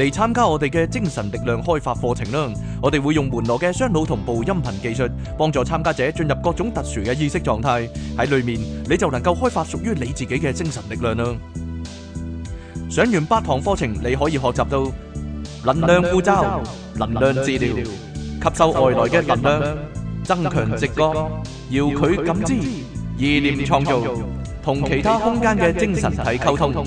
嚟參加我哋嘅精神力量開發課程啦！我哋會用門羅嘅雙腦同步音頻技術，幫助參加者進入各種特殊嘅意識狀態。喺裡面你就能夠開發屬於你自己嘅精神力量啦！上完八堂課程，你可以學習到能量護罩、能量治療、吸收外來嘅能量、增強直覺、遙距感知、意念創造、同其他空間嘅精神體溝通。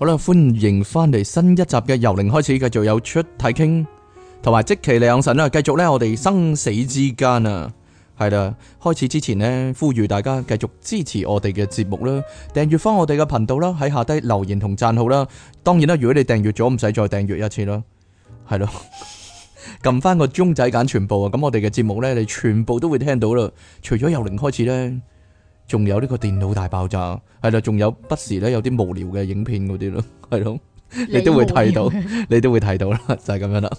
好啦，歡迎翻嚟新一集嘅由零開始，繼續有出睇傾，同埋即其兩神啦，繼續咧我哋生死之間啊，係啦，開始之前呢，呼籲大家繼續支持我哋嘅節目啦，訂閱翻我哋嘅頻道啦，喺下低留言同讚好啦。當然啦，如果你訂閱咗，唔使再訂閱一次啦，係咯，撳 翻個鐘仔揀全部啊，咁我哋嘅節目呢，你全部都會聽到啦。除咗由零開始呢。仲有呢個電腦大爆炸，係咯，仲有不時咧有啲無聊嘅影片嗰啲咯，係咯，你都會睇到，無聊 你都會睇到啦， 就係、是、咁樣啦。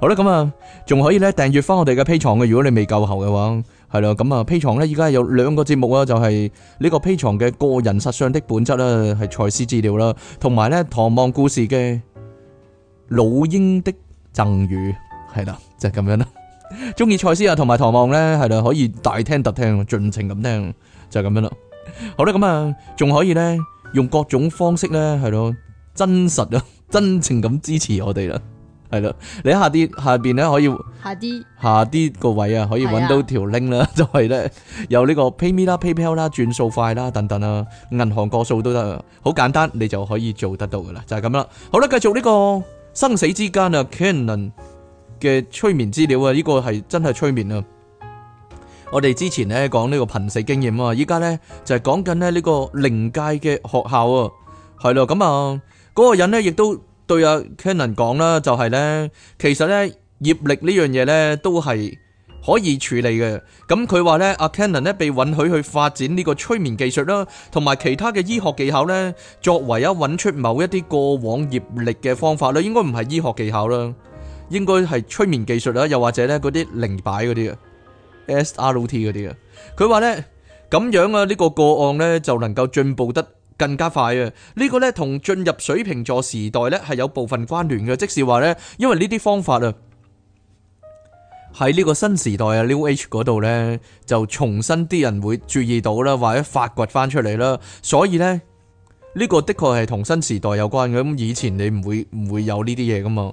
好啦，咁啊，仲可以咧訂閱翻我哋嘅 Patreon 嘅，如果你未夠喉嘅話，係咯，咁啊，Patreon 咧依家有兩個節目啊，就係、是、呢個 Patreon 嘅個人實相的本質啦，系賽斯資料啦，同埋咧唐望故事嘅老鷹的贈予，系啦，就係、是、咁樣啦。中意賽斯啊，同埋唐望咧，係咯，可以大聽特聽，盡情咁聽。就咁樣啦，好啦，咁啊，仲可以咧，用各種方式咧，係咯，真實啊，真情咁支持我哋啦，係啦，你下啲下邊咧可以下啲下啲個位啊，可以揾下 D. 到條 link 啦，的 就係咧有呢個 PayMe 啦、PayPal 啦、轉數快啦等等啊，銀行個數都得，好簡單，你就可以做得到噶啦，就係咁啦，好啦，繼續呢個生死之間啊，Canon 嘅催眠資料啊，呢個係真係催眠啊。我哋之前咧講呢講個瀕死經驗啊，依家呢就係講緊咧呢個靈界嘅學校啊，係咯，咁啊嗰個人呢亦都對阿 Cannon 講啦，就係、是、呢。其實呢，業力呢樣嘢呢都係可以處理嘅。咁佢話呢，阿 Cannon 呢被允許去，去發展呢個催眠技術啦，同埋其他嘅醫學技巧呢，作為一揾出某一啲過往業力嘅方法呢，應該唔係醫學技巧啦，應該係催眠技術啦，又或者呢嗰啲靈擺嗰啲嘅。SROT 嗰啲啊，佢話呢咁樣啊呢個個案呢就能夠進步得更加快啊！呢個呢同進入水瓶座時代呢係有部分關聯嘅，即是話呢因為呢啲方法啊喺呢個新時代啊 New Age 嗰度呢就重新啲人會注意到啦，或者發掘翻出嚟啦，所以呢呢個的確係同新時代有關嘅。咁以前你唔會唔會有呢啲嘢噶嘛。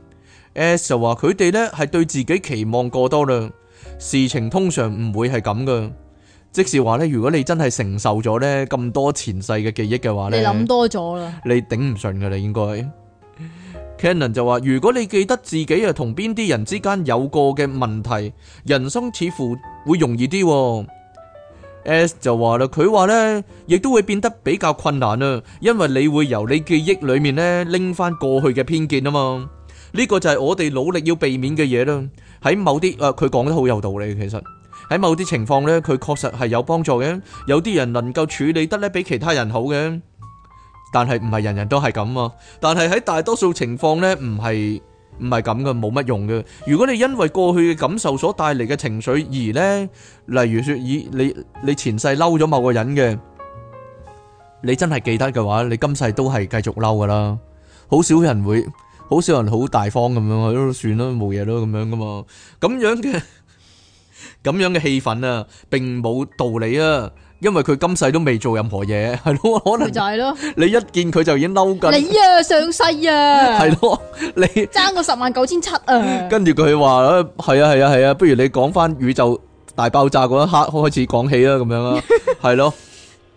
S, S 就話佢哋咧係對自己期望過多啦，事情通常唔會係咁噶。即是話咧，如果你真係承受咗呢咁多前世嘅記憶嘅話咧，你諗多咗啦，你頂唔順噶啦應該。Cannon 就話，就如果你記得自己啊同邊啲人之間有過嘅問題，人生似乎會容易啲。S 就話啦，佢話呢亦都會變得比較困難啊，因為你會由你記憶裏面咧拎翻過去嘅偏見啊嘛。呢個就係我哋努力要避免嘅嘢啦。喺某啲誒，佢講得好有道理。其實喺某啲情況呢，佢確實係有幫助嘅。有啲人能夠處理得呢，比其他人好嘅。但係唔係人人都係咁啊。但係喺大多數情況呢，唔係唔係咁噶，冇乜用嘅。如果你因為過去嘅感受所帶嚟嘅情緒而呢，例如說咦你你前世嬲咗某個人嘅，你真係記得嘅話，你今世都係繼續嬲噶啦。好少人會。好少人好大方咁樣，我都算啦，冇嘢咯，咁樣噶嘛。咁樣嘅咁樣嘅氣氛啊，並冇道理啊，因為佢今世都未做任何嘢，係咯，可能就係咯。你一見佢就已經嬲緊，你啊，上世啊，係咯，你爭個十萬九千七啊。跟住佢話，係啊，係啊，係啊，不如你講翻宇宙大爆炸嗰一刻開始講起啦，咁樣啦，係咯。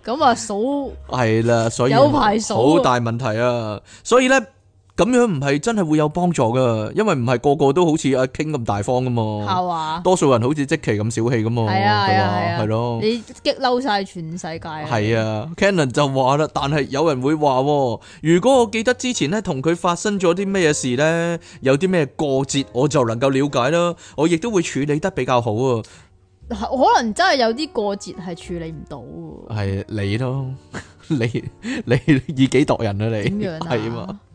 咁啊數係啦，所以有排數。好大問題啊，所以咧。咁樣唔係真係會有幫助噶，因為唔係個個都好似阿 King 咁大方噶嘛，話多數人好似積奇咁小氣噶嘛，係啊係說啊係咯，啊啊、你激嬲晒全世界啊！係啊，Cannon 就話啦，但係有人會話，如果我記得之前咧同佢發生咗啲咩事咧，有啲咩過節，我就能夠了解啦，我亦都會處理得比較好啊。可能真係有啲過節係處理唔到，係你咯，你你以己度人啊，你係啊嘛。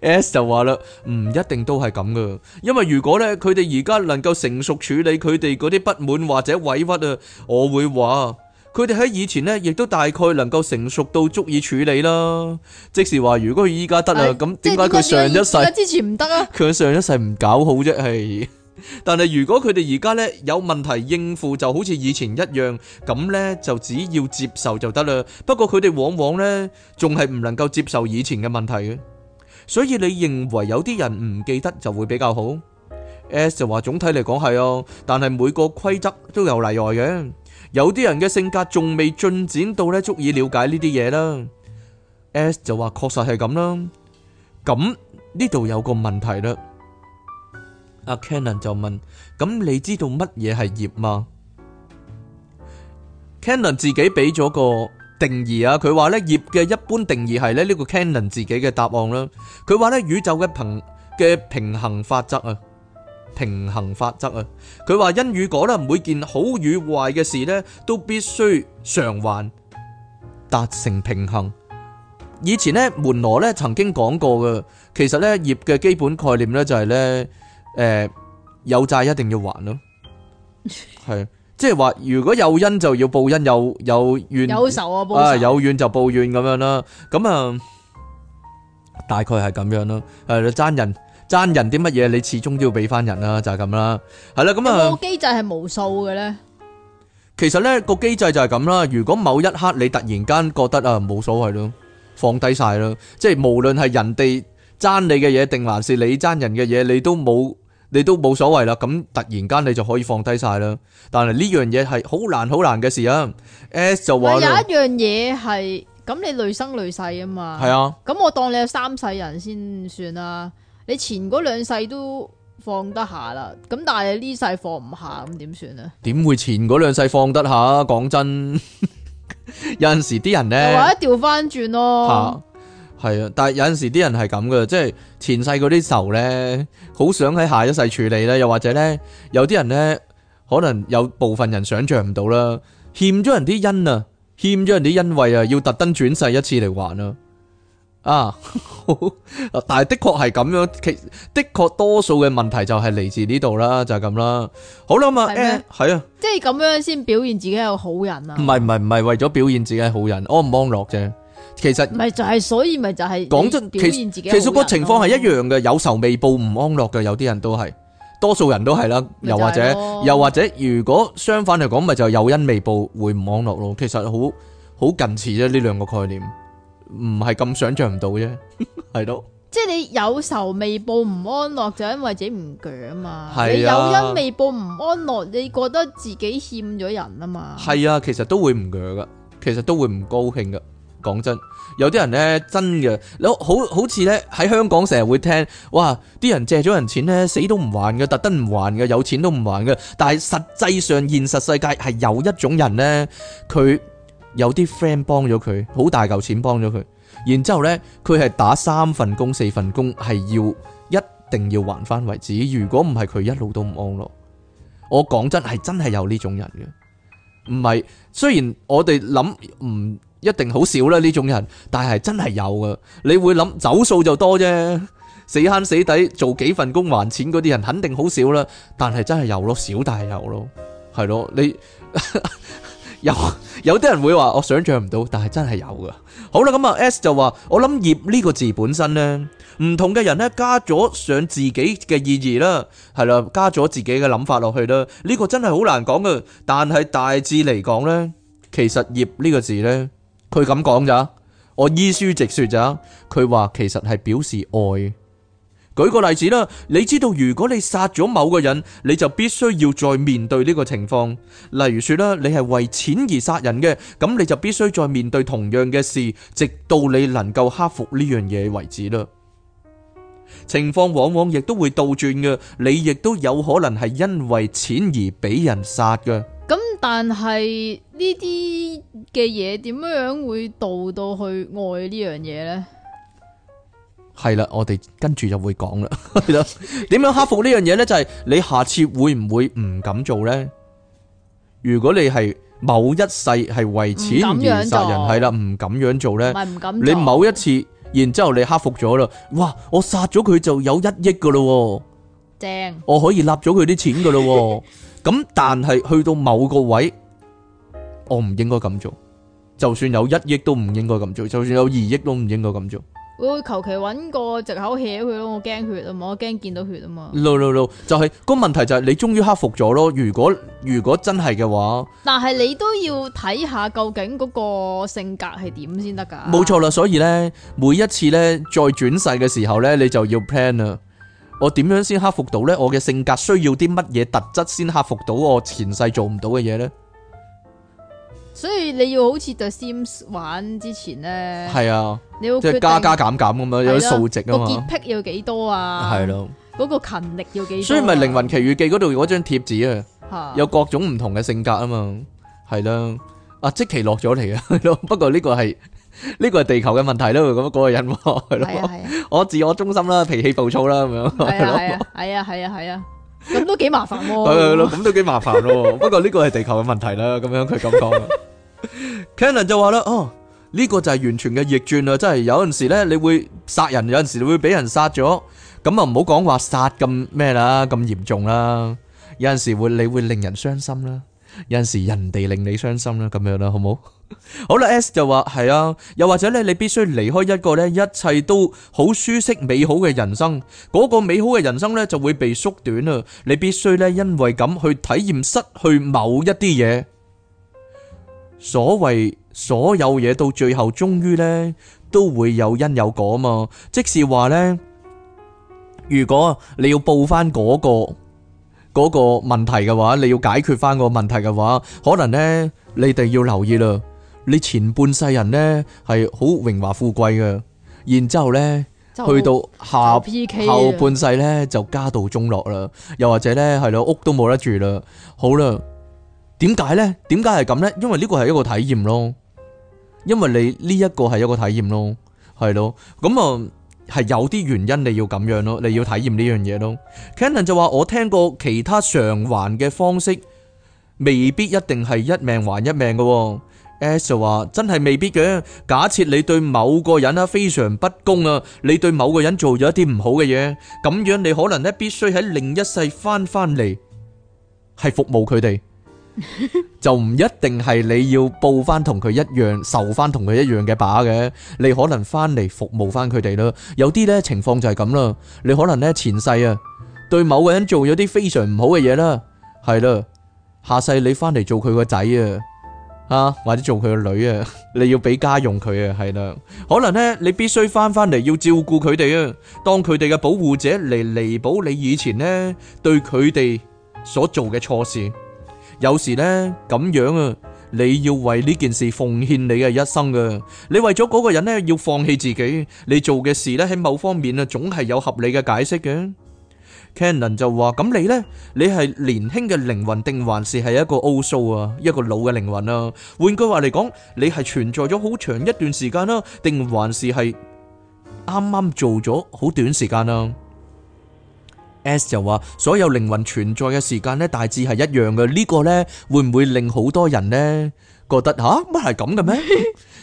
S 就話啦，唔一定都係咁噶。因為如果咧，佢哋而家能夠成熟處理佢哋嗰啲不滿或者委屈啊，我會話佢哋喺以前咧，亦都大概能夠成熟到足以處理啦。即是話，如果佢依家得啊，咁點解佢上一世之前唔得啊？佢上一世唔搞好啫，係。但係如果佢哋而家咧有問題應付，就好似以前一樣咁咧，就只要接受就得啦。不過佢哋往往咧仲係唔能夠接受以前嘅問題嘅。所以你認為有啲人唔記得就會比較好？S 就話總體嚟講係啊，但係每個規則都有例外嘅。有啲人嘅性格仲未進展到咧，足以瞭解呢啲嘢啦。S 就話確實係咁啦。咁呢度有個問題啦。阿 Cannon 就問：咁你知道乜嘢係業嗎？Cannon 自己俾咗個定義啊，佢話呢業嘅一般定義係呢呢個 Cannon 自己嘅答案啦。佢話呢宇宙嘅平嘅平衡法則啊，平衡法則啊。佢話因與果呢，每件好與壞嘅事呢，都必須償還達成平衡。以前呢門羅呢曾經講過嘅，其實呢業嘅基本概念呢、就係，就係呢，誒有債一定要還咯，係。即係話，如果有恩就要報恩，有有怨有仇啊，報仇，有怨就報怨咁樣啦。咁啊，大概係咁樣咯。誒，爭人爭人啲乜嘢，你始終都要俾翻人啦，就係咁啦。係啦，咁啊，個機制係無數嘅咧。其實咧個機制就係咁啦。如果某一刻你突然間覺得啊冇所謂咯，放低晒咯。即係無論係人哋爭你嘅嘢，定還是你爭人嘅嘢，你都冇。你都冇所謂啦，咁突然間你就可以放低晒啦。但係呢樣嘢係好難好難嘅事啊。S 就話有一樣嘢係咁，你累生累世啊嘛。係啊，咁我當你有三世人先算啦。你前嗰兩世都放得下啦，咁但係你呢世放唔下，咁點算啊？點會前嗰兩世放得下？講真，有陣時啲人咧，或者調翻轉咯。係啊，但係有陣時啲人係咁嘅，即係前世嗰啲仇咧，好想喺下一世處理咧，又或者咧，有啲人咧，可能有部分人想像唔到啦，欠咗人啲恩啊，欠咗人啲恩惠啊，要特登轉世一次嚟還啊，啊， 但係的確係咁樣，其的確多數嘅問題就係嚟自呢度啦，就係咁啦，好啦嘛，係嗎、欸、啊，即係咁樣先表現自己係個好人啊，唔係唔係唔係為咗表現自己係好人，安唔安樂啫。其實唔係就係，所以咪就係講出，其實個情況係一樣嘅，有仇未報唔安樂嘅，有啲人都係，多數人都係啦。又或者，又或者，如果相反嚟講，咪就係有恩未報會唔安樂咯。其實好好近似啫，呢兩個概念唔係咁想象唔到啫，係咯。即係你有仇未報唔安樂，就因為自己唔舉啊嘛。你有恩未報唔安樂，你覺得自己欠咗人啊嘛。係啊，其實都會唔舉噶，其實都會唔高興噶。講真，有啲人呢真嘅，好好似呢喺香港成日會聽，哇！啲人借咗人錢呢，死都唔還嘅，特登唔還嘅，有錢都唔還嘅。但係實際上現實世界係有一種人呢，佢有啲 friend 幫咗佢，好大嚿錢幫咗佢，然之後呢佢係打三份工四份工，係要一定要還翻為止。如果唔係，佢一路都唔安樂。我講真係真係有呢種人嘅，唔係，雖然我哋諗唔。嗯一定好少啦呢種人，但係真係有噶。你會諗走數就多啫，死慳死抵做幾份工還錢嗰啲人，肯定好少啦。但係真係有咯，少但係有咯，係咯。你 有有啲人會話我想象唔到，但係真係有噶。好啦，咁啊 S 就話我諗業呢個字本身呢，唔同嘅人呢，加咗上自己嘅意義啦，係啦，加咗自己嘅諗法落去啦。呢個真係好難講噶，但係大致嚟講呢，其實業呢個字呢。佢咁講咋？我依書直說咋？佢話其實係表示愛。舉個例子啦，你知道如果你殺咗某個人，你就必須要再面對呢個情況。例如說啦，你係為錢而殺人嘅，咁你就必須再面對同樣嘅事，直到你能夠克服呢樣嘢為止啦。情況往往亦都會倒轉嘅，你亦都有可能係因為錢而俾人殺嘅。但係呢啲嘅嘢，點樣樣會導到去愛呢樣嘢呢？係啦，我哋跟住就會講啦。點樣克服呢樣嘢呢？就係你下次會唔會唔敢做呢？如果你係某一世係為錢而殺人，係啦，唔敢咁樣做呢，唔敢。你某一次，然之後你克服咗啦，哇！我殺咗佢就有一億噶啦，正，我可以納咗佢啲錢噶啦。咁但係去到某個位，我唔應該咁做。就算有一億都唔應該咁做，就算有二億都唔應該咁做。我求其揾個借口 hea 佢咯，我驚血啊嘛，我驚見到血啊嘛。No no no，就係個問題，就係你終於克服咗咯。如果如果真係嘅話，但係你都要睇下究竟嗰個性格係點先得㗎。冇錯啦，所以呢，每一次呢，再轉世嘅時候呢，你就要 plan 啦。我點樣先克服到咧？我嘅性格需要啲乜嘢特質先克服到我前世做唔到嘅嘢咧？所以你要好似《The Sims》玩之前咧，係啊，你要即係加加減減咁樣有啲數值啊嘛？個潔癖要幾多啊？係咯，嗰個勤力要幾多？所以咪《靈魂奇遇記》嗰度有張貼紙啊，有各種唔同嘅性格啊嘛，係啦，阿即其落咗嚟啊，不過呢個係。呢個係地球嘅問題咯，咁嗰個人係咯，我自我中心啦，脾氣暴躁啦，咁樣係咯，係啊係啊係啊，咁都幾麻煩咯，係咯，咁都幾麻煩咯。不過呢個係地球嘅問題啦，咁樣佢咁講。Canon 就話啦，哦，呢個就係完全嘅逆轉啊！真係有陣時咧，你會殺人，有陣時你會俾人殺咗，咁啊唔好講話殺咁咩啦，咁嚴重啦，有陣時會你會令人傷心啦，有陣時人哋令你傷心啦，咁樣啦，好唔好？好啦，S 就話，係啊，又或者你必須離開一個一切都好舒適美好的人生，那個美好的人生就會被縮短，你必須因為這樣去體驗失去某一啲嘢。所謂所有嘢到最後終於呢，都會有因有果嘛，即是話呢，如果你要報返那個，那個問題的話，你要解決返個問題的話，可能呢，你哋要留意了。你前半世人呢係好榮華富貴嘅，然之後呢，就去到下，後半世呢就家道中落啦，又或者呢係咯屋都冇得住啦。好啦，點解呢？點解係咁呢？因為呢個係一個體驗咯，因為你呢一、這個係一個體驗咯，係咯。咁啊係有啲原因你要咁樣咯，你要體驗呢樣嘢咯。Cannon 就話：我聽過其他償還嘅方式，未必一定係一命還一命嘅。S 話：真係未必嘅。假設你對某個人啊非常不公啊，你對某個人做咗一啲唔好嘅嘢，咁樣你可能咧必須喺另一世翻翻嚟，係服務佢哋，就唔一定係你要報翻同佢一樣，受翻同佢一樣嘅把嘅。你可能翻嚟服務翻佢哋咯。有啲咧情況就係咁啦。你可能咧前世啊，對某個人做咗啲非常唔好嘅嘢啦，係啦，下世你翻嚟做佢個仔啊。啊，或者做佢個女啊， 你要俾家用佢啊，係啦，可能呢，你必須翻翻嚟要照顧佢哋啊，當佢哋嘅保護者嚟彌補你以前呢對佢哋所做嘅錯事。有時呢，咁樣啊，你要為呢件事奉獻你嘅一生噶。你為咗嗰個人呢要放棄自己，你做嘅事呢喺某方面啊，總係有合理嘅解釋嘅。Canon 就話：咁你呢，你係年輕嘅靈魂定還是係一個 old soul？啊？一個老嘅靈魂啊？換句話嚟講，你係存在咗好長一段時間啦，定還是係啱啱做咗好短時間啦？S 就話：所有靈魂存在嘅時間呢，大致係一樣嘅。呢個呢，會唔會令好多人呢覺得，吓，乜係咁嘅咩？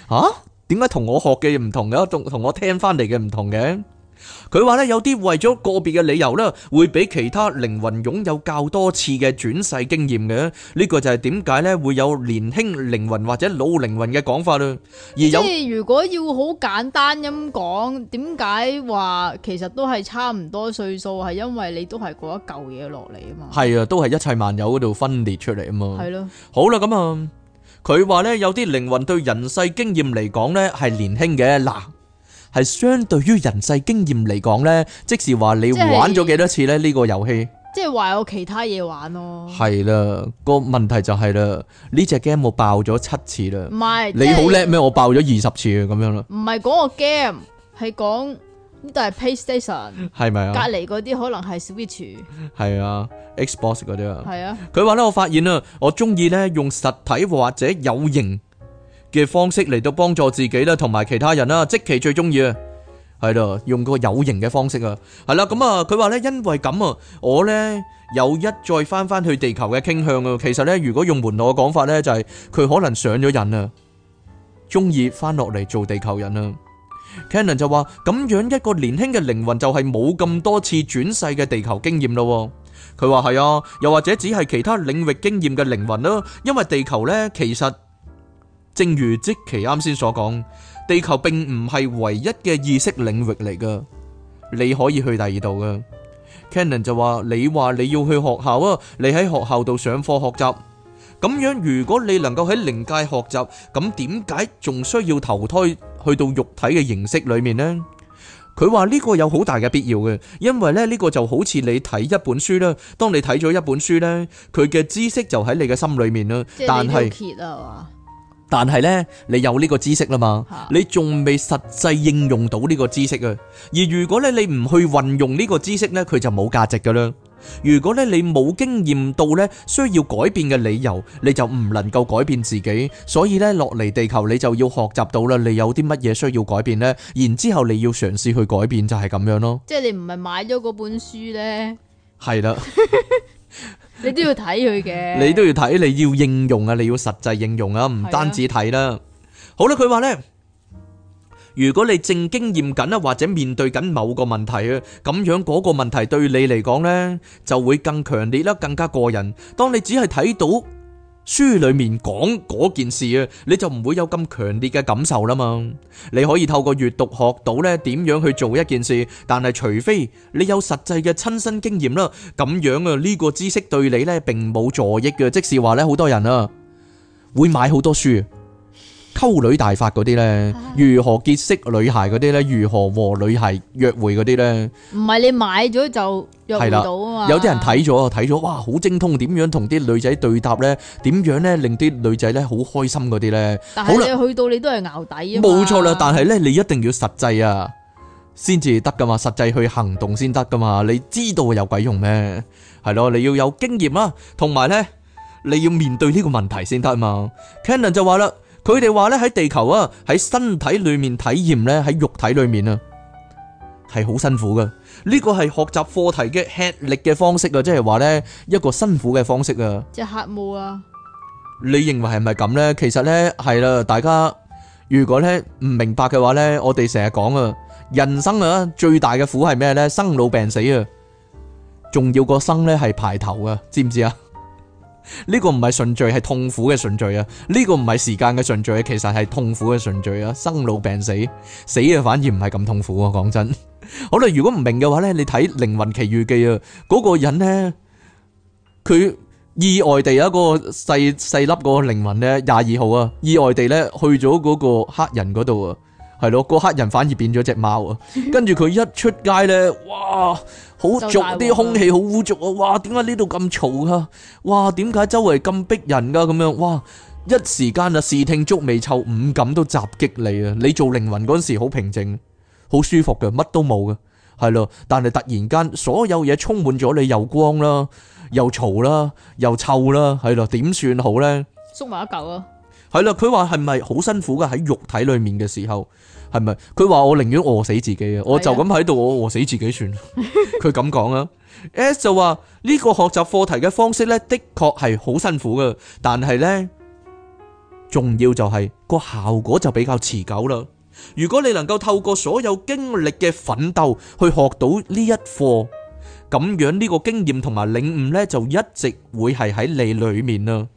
吓，點解同我學嘅唔同嘅，仲同我聽翻嚟嘅唔同嘅？佢話咧，有啲為咗個別嘅理由咧，會比其他靈魂擁有較多次嘅轉世經驗嘅，呢個就係點解咧會有年輕靈魂或者老靈魂嘅講法啦。而有即係如果要好簡單咁講，點解話其實都係差唔多歲數，係因為你都係嗰一舊嘢落嚟啊嘛。係啊，都係一切萬有嗰度分裂出嚟啊嘛。係咯。好啦，咁啊，佢話咧，有啲靈魂對人世經驗嚟講咧係年輕嘅嗱。係相對於人世經驗嚟講咧，即時話你玩咗幾多次咧？呢個遊戲即係話有其他嘢玩咯。係啦，個問題就係啦，呢隻 game 我爆咗七次啦。唔係你好叻咩？我爆咗二十次啊，咁樣啦。唔係講個 game，係講呢度係 PlayStation 係咪啊？隔籬嗰啲可能係 Switch 係啊，Xbox 嗰啲啊。係啊，佢話咧，我發現啊，我中意咧用實體或者有形。嘅方式嚟到幫助自己啦，同埋其他人啦，即其最中意啊，係啦，用個有形嘅方式啊，係啦，咁啊，佢話咧，因為咁啊，我咧有一再翻翻去地球嘅傾向啊，其實咧，如果用門羅嘅講法咧，就係佢可能上咗癮啊，中意翻落嚟做地球人啊。Cannon 就話：咁樣一個年輕嘅靈魂就係冇咁多次轉世嘅地球經驗咯。佢話係啊，又或者只係其他領域經驗嘅靈魂啦，因為地球咧其實。正如積奇啱先所講，地球並唔係唯一嘅意識領域嚟噶，你可以去第二度噶。Cannon 就話：你話你要去學校啊，你喺學校度上課學習，咁樣如果你能夠喺靈界學習，咁點解仲需要投胎去到肉體嘅形式裏面呢？佢話呢個有好大嘅必要嘅，因為咧呢個就好似你睇一本書啦，當你睇咗一本書呢，佢嘅知識就喺你嘅心裏面啦。但係但係呢，你有呢個知識啦嘛，啊、你仲未實際應用到呢個知識啊。而如果咧你唔去運用呢個知識呢，佢就冇價值噶啦。如果咧你冇經驗到呢，需要改變嘅理由，你就唔能夠改變自己。所以呢，落嚟地球，你就要學習到啦。你有啲乜嘢需要改變呢？然之後你要嘗試去改變，就係、是、咁樣咯。即係你唔係買咗嗰本書呢？係啦。你都要睇佢嘅，你都要睇，你要應用啊，你要實際應用啊，唔單止睇啦。好啦，佢話呢，如果你正經驗緊啊，或者面對緊某個問題啊，咁樣嗰個問題對你嚟講呢，就會更強烈啦，更加過人。當你只係睇到。書裏面講嗰件事啊，你就唔會有咁強烈嘅感受啦嘛。你可以透過閱讀學到咧點樣去做一件事，但係除非你有實際嘅親身經驗啦，咁樣啊呢個知識對你呢並冇助益嘅。即使話呢好多人啊會買好多書。溝女大法嗰啲呢，啊、如何結識女孩嗰啲呢？如何和女孩約會嗰啲呢？唔係你買咗就約唔到啊嘛！有啲人睇咗睇咗，哇，好精通點樣同啲女仔對答呢？點樣呢？令啲女仔呢好開心嗰啲呢？但係你去到你都係淆底啊！冇錯啦，但係呢，你一定要實際啊，先至得㗎嘛！實際去行動先得㗎嘛！你知道有鬼用咩？係咯，你要有經驗啊，同埋呢，你要面對呢個問題先得嘛。Cannon 就話啦。佢哋話咧，喺地球啊，喺身體裏面體驗咧，喺肉體裏面啊，係好辛苦噶。呢個係學習課題嘅吃力嘅方式啊，即係話咧，一個辛苦嘅方式啊。即係黑毛啊！你認為係咪咁咧？其實咧係啦，大家如果咧唔明白嘅話咧，我哋成日講啊，人生啊最大嘅苦係咩咧？生老病死啊，仲要個生咧係排頭啊，知唔知啊？呢個唔係順序，係痛苦嘅順序啊！呢個唔係時間嘅順序，其實係痛苦嘅順序啊！生老病死，死啊反而唔係咁痛苦啊！講真， 好啦，如果唔明嘅話呢，你睇《靈魂奇遇記》啊，嗰個人呢，佢意外地有一個細細粒嗰個靈魂呢，廿二號啊，意外地呢去咗嗰個黑人嗰度啊，係咯，個黑人反而變咗隻貓啊，跟住佢一出街呢，哇！好濁啲空氣好污濁啊！哇，點解呢度咁嘈啊？哇，點解周圍咁逼人噶？咁樣，哇，一時間就視聽捉味臭五感都襲擊你啊！你做靈魂嗰陣時好平靜，好舒服噶，乜都冇噶，係咯。但係突然間所有嘢，充滿咗你，又光啦，又嘈啦，又臭啦，係咯，點算好呢？縮埋一嚿啊。係咯，佢話係咪好辛苦噶？喺肉體裏面嘅時候。係咪？佢話，我寧願餓死自己啊！我就咁喺度餓餓死自己算。佢咁講啊。S 就話呢個學習課題嘅方式呢，的確係好辛苦噶。但係呢，重要就係個效果就比較持久啦。如果你能夠透過所有經歷嘅奮鬥去學到呢一課，咁樣呢個經驗同埋領悟呢，就一直會係喺你裏面啦。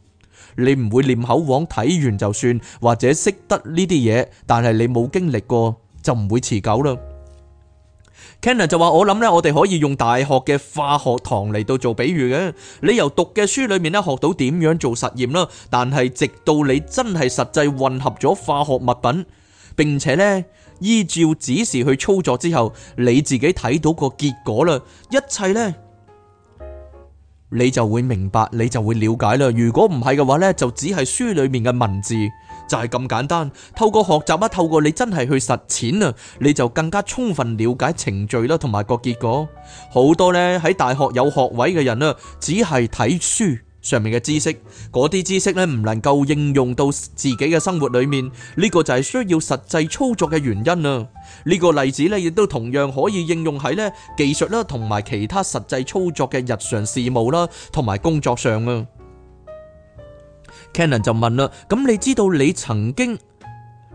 你唔會念口簧睇完就算，或者識得呢啲嘢，但係你冇經歷過就唔會持久啦。Kenna 就話，我諗呢，我哋可以用大學嘅化學堂嚟到做比喻嘅。你由讀嘅書裏面咧學到點樣做實驗啦，但係直到你真係實際混合咗化學物品，並且呢依照指示去操作之後，你自己睇到個結果啦，一切呢。」你就會明白，你就會了解啦。如果唔係嘅話呢，就只係書裏面嘅文字，就係咁簡單。透過學習啊，透過你真係去實踐啊，你就更加充分了解程序啦，同埋個結果。好多呢，喺大學有學位嘅人啊，只係睇書上面嘅知識，嗰啲知識呢，唔能夠應用到自己嘅生活裏面，呢個就係需要實際操作嘅原因啊。呢個例子咧，亦都同樣可以應用喺咧技術啦，同埋其他實際操作嘅日常事務啦，同埋工作上啊。Cannon 就問啦：咁你知道你曾經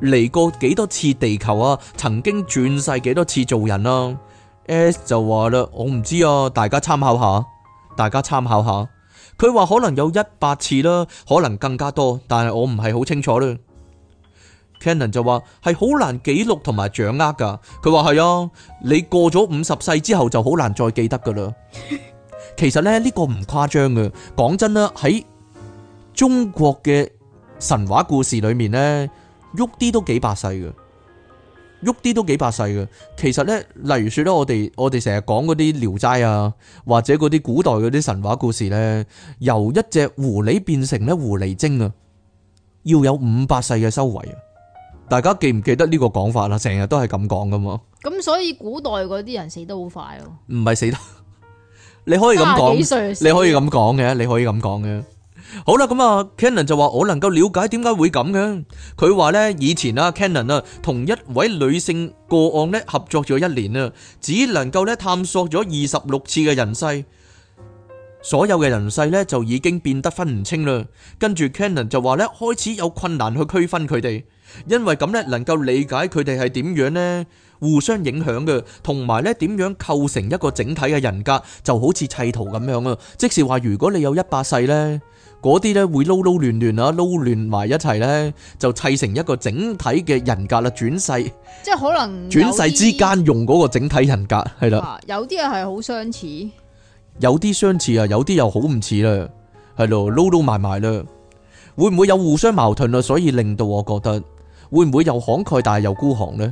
嚟過幾多次地球啊？曾經轉世幾多次做人啊？S 就話啦：我唔知啊，大家參考下，大家參考下。佢話可能有一百次啦，可能更加多，但係我唔係好清楚啦。Canon 就話係好難記錄同埋掌握噶。佢話係啊，你過咗五十世之後就好難再記得噶啦。 其實咧呢個唔誇張嘅，講真啦，喺中國嘅神話故事裏面呢，喐啲都幾百世嘅，喐啲都幾百世嘅。其實呢，例如說咧，我哋我哋成日講嗰啲聊齋啊，或者嗰啲古代嗰啲神話故事呢，由一隻狐狸變成咧狐狸精啊，要有五百世嘅修為啊。大家記唔記得呢個講法啦？成日都係咁講㗎嘛。咁所以古代嗰啲人死得好快咯。唔係死得，你可以咁講。你可以咁講嘅，你可以咁講嘅。好啦，咁啊，Cannon 就話我能夠了解點解會咁嘅。佢話呢，以前啊，Cannon 啊，同一位女性個案呢合作咗一年啊，只能夠呢探索咗二十六次嘅人世，所有嘅人世呢就已經變得分唔清啦。跟住 Cannon 就話呢，開始有困難去區分佢哋。因為咁咧，能夠理解，佢哋係點樣咧，互相影響嘅，同埋咧，點樣構成一個整體嘅人格，就好似砌圖咁樣啊。即是話，如果你有一百世咧，嗰啲咧會撈撈亂亂啊，撈亂埋一齊咧，就砌成一個整體嘅人格啦。轉世，即係可能轉世之間用嗰個整體人格係啦，有啲啊係好相似，有啲相似啊，有啲又好唔似啦，係咯，撈撈埋埋啦，會唔會有互相矛盾啊？所以令到我覺得。會唔會又慷慨但係又孤寒咧？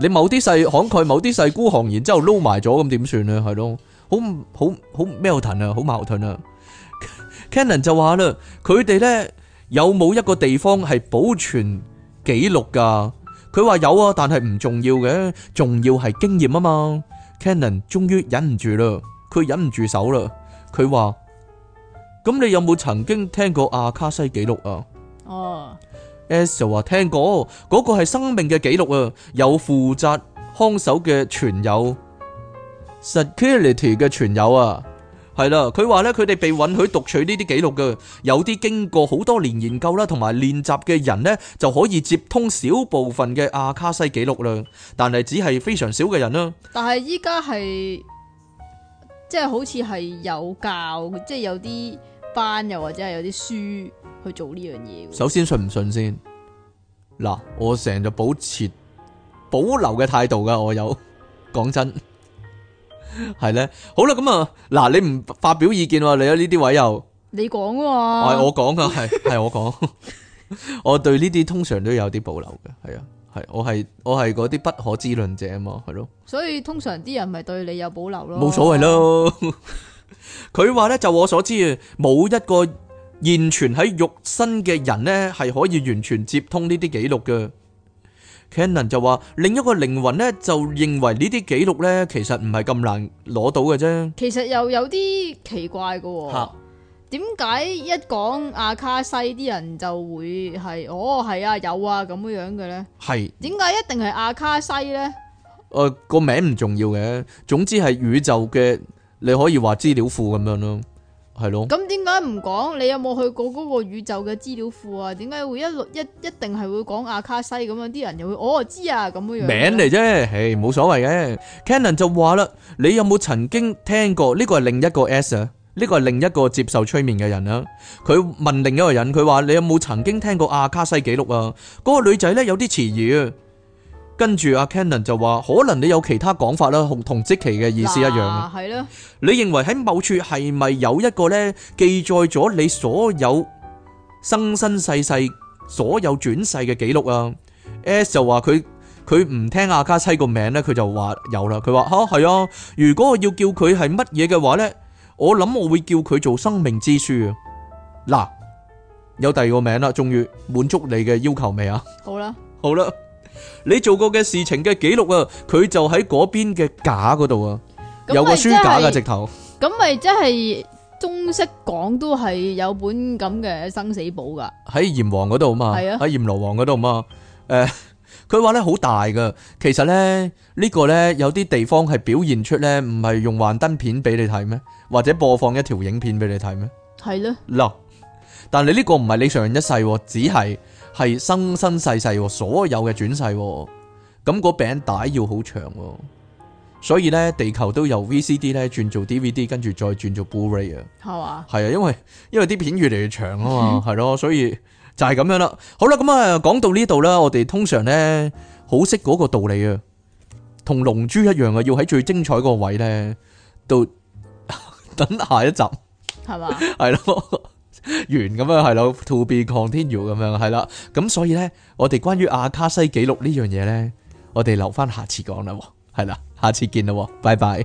你某啲細慷慨，某啲細孤寒，然之後撈埋咗咁點算咧？係咯，好好好 melting 啊，好矛盾啊。Cannon 就話啦，佢哋咧有冇一個地方係保存記錄㗎？佢話有啊，但係唔重要嘅，重要係經驗啊嘛。Cannon 終於忍唔住啦，佢忍唔住手啦，佢話：咁你有冇曾經聽過阿卡西記錄啊？哦。S 話聽過嗰，那個係生命嘅記錄啊，有負責看守嘅存有，Security 嘅存有啊，係啦，佢話咧佢哋被允許讀取呢啲記錄嘅，有啲經過好多年研究啦，同埋練習嘅人呢，就可以接通小部分嘅阿卡西記錄啦，但係只係非常少嘅人啦。但係依家係即係好似係有教，即、就、係、是、有啲。班又或者係有啲書去做呢樣嘢。首先信唔信先？嗱，我成日保持保留嘅態度噶，我有講真係咧。 好啦，咁啊，嗱，你唔發表意見喎？你喺呢啲位又你講喎、啊？係我講噶，係係 我講。 我對呢啲通常都有啲保留嘅，係啊，係我係我係嗰啲不可知論者啊嘛，係咯。所以通常啲人咪對你有保留咯。冇所謂咯。 佢話咧，就我所知啊，冇一個現存喺肉身嘅人咧，係可以完全接通呢啲記錄嘅。Cannon 就話，另一個靈魂咧，就認為呢啲記錄咧，其實唔係咁難攞到嘅啫。其實又有啲奇怪嘅喎，點解一講阿卡西啲人就會係哦，係啊，有啊咁樣嘅咧？係點解一定係阿卡西咧？誒，個名唔重要嘅，總之係宇宙嘅。你可以話資料庫咁樣咯，係咯。咁點解唔講？你有冇去過嗰個宇宙嘅資料庫啊？點解會一一一定係會講阿卡西咁樣啲人又會？我哦，知啊咁樣。名嚟啫，係冇所謂嘅。Cannon 就話啦，你有冇曾經聽過呢個係另一個 S 啊？呢個係另一個接受催眠嘅人啊。佢問另一個人，佢話你有冇曾經聽過阿卡西記錄啊？嗰、那個女仔呢，有啲遲疑。啊、嗯。跟住阿 Cannon 就話，可能你有其他講法啦，同同積奇嘅意思一樣。係咯，你認為喺某處係咪有一個呢記載咗你所有生生世世所有轉世嘅記錄啊？S 就話佢佢唔聽阿卡西個名呢，佢就話有啦。佢話，吓係啊，如果我要叫佢係乜嘢嘅話呢，我諗我會叫佢做生命之書啊。嗱，有第二個名啦，終於滿足你嘅要求未啊？好啦，好啦。你做過嘅事情嘅記錄啊，佢就喺嗰邊嘅架嗰度啊，就是、有個書架嘅直頭。咁咪即係中式講都係有本咁嘅生死簿噶。喺閻王嗰度啊嘛。係啊。喺閻羅王嗰度啊嘛。誒、哎，佢話咧好大噶。其實咧呢、這個咧有啲地方係表現出咧唔係用幻燈片俾你睇咩，或者播放一條影片俾你睇咩？係咯、啊。嗱，但你呢個唔係你上一世、啊，只係。係生生世世，所有嘅轉世，咁、那個餅帶要好長，所以咧地球都由 VCD 咧轉做 DVD，跟住再轉做 Blu-ray 啊吧，係啊，係啊，因為因為啲片越嚟越長啊嘛，係咯、嗯，所以就係咁樣啦。好啦，咁啊講到呢度啦，我哋通常咧好識嗰個道理啊，同龍珠一樣啊，要喺最精彩個位咧，到 等下一集，係嘛吧？係咯。完咁 樣係咯，to be continued，咁樣係啦，咁所以咧，我哋關於阿卡西記錄呢樣嘢咧，我哋留翻下次講啦，係啦，下次見啦，拜拜。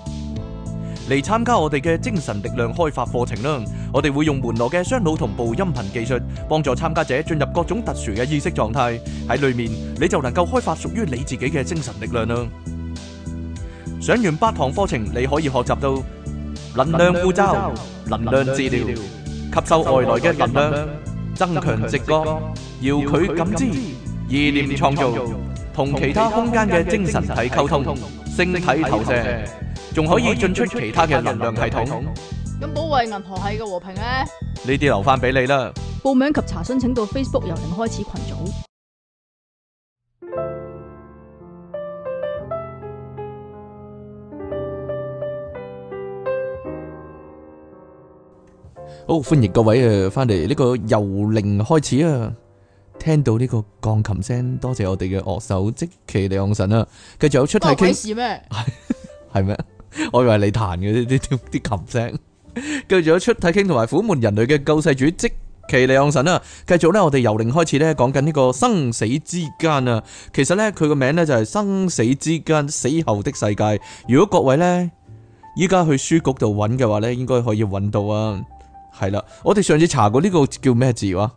嚟參加我哋嘅精神力量開發課程啦！我哋會用門羅嘅雙腦同步音頻技術，幫助參加者進入各種特殊嘅意識狀態。喺裡面你就能夠開發屬於你自己嘅精神力量啦！上完八堂課程，你可以學習到能量護罩、能量治療、吸收外來嘅能量、增強直覺、遙距感知、意念創造、同其他空間嘅精神體溝通、星體投射。仲可以進出其他嘅能量系統。咁、嗯、保衛銀河系嘅和平咧？呢啲留翻俾你啦。報名及查詢請到 Facebook 由零開始群組。好歡迎各位啊，翻嚟呢個由零開始啊！聽到呢個鋼琴聲，多謝我哋嘅樂手，即其兩神啊！繼續出題傾事咩？係係咩？我以為你彈嘅呢啲啲琴聲，繼 續咗出體傾同埋《虎門人類嘅救世主》即，即奇利昂神啦。繼續咧，我哋由零開始咧，講緊呢個生死之間啊。其實咧、就是，佢個名咧就係生死之間，死後的世界。如果各位咧依家去書局度揾嘅話咧，應該可以揾到啊。係啦，我哋上次查過呢個叫咩字啊？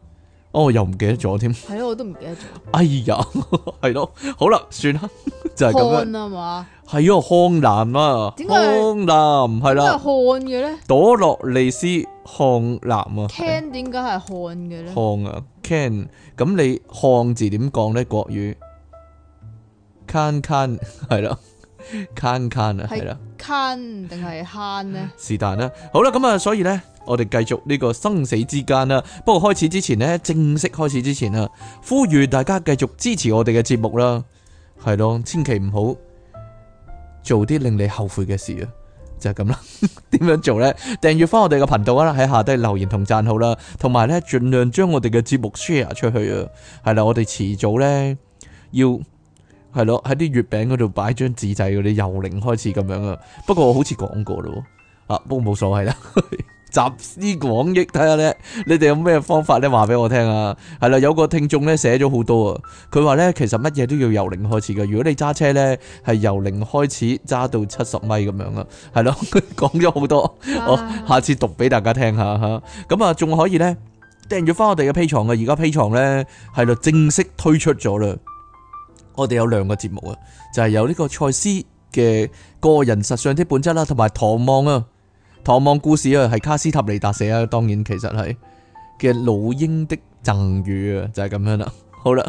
哦，又唔記得咗添。係啊，我都唔記得咗。哎呀呦，係 咯，好啦，算啦，就係、是、咁樣。係啊，漢男啊，漢男係男男啦，點解係漢嘅咧？朵洛利斯漢男啊，can 點解係漢嘅咧、啊？漢啊，can 咁你漢字點講咧？國語 can can 係咯，can can 啊係啦，can 定係慳呢？是但啦，好啦，咁啊，所以咧，我哋繼續呢個生死之間啦。不過開始之前呢，正式開始之前啊，呼籲大家繼續支持我哋嘅節目啦，係咯，千祈唔好。做啲令你後悔嘅事啊，就係咁啦。點 樣做呢？訂閱翻我哋嘅頻道啦，喺下低留言同贊好啦。同埋呢，盡量將我哋嘅節目 share 出去啊。係啦，我哋遲早呢要係咯，喺啲月餅嗰度擺張紙仔嗰啲由零開始咁樣啊。不過我好似講過咯，啊，不過冇所謂啦。 集思廣益，睇下咧，你哋有咩方法咧？話俾我聽啊！係啦，有個聽眾咧寫咗好多啊，佢話咧其實乜嘢都要由零開始噶。如果你揸車咧，係由零開始揸到七十米咁樣啦，係咯，佢講咗好多， 我下次讀俾大家聽下吓。咁啊，仲可以咧訂咗翻我哋嘅 Patreon 嘅，而家 Patreon 咧係咯正式推出咗啦。我哋有兩個節目啊，就係由呢個賽斯嘅個人實相的本質啦，同埋唐望啊。《堂望故事》啊，係卡斯塔尼達寫啊，當然其實係嘅《老鷹的贈語》啊，就係咁樣啦。好啦，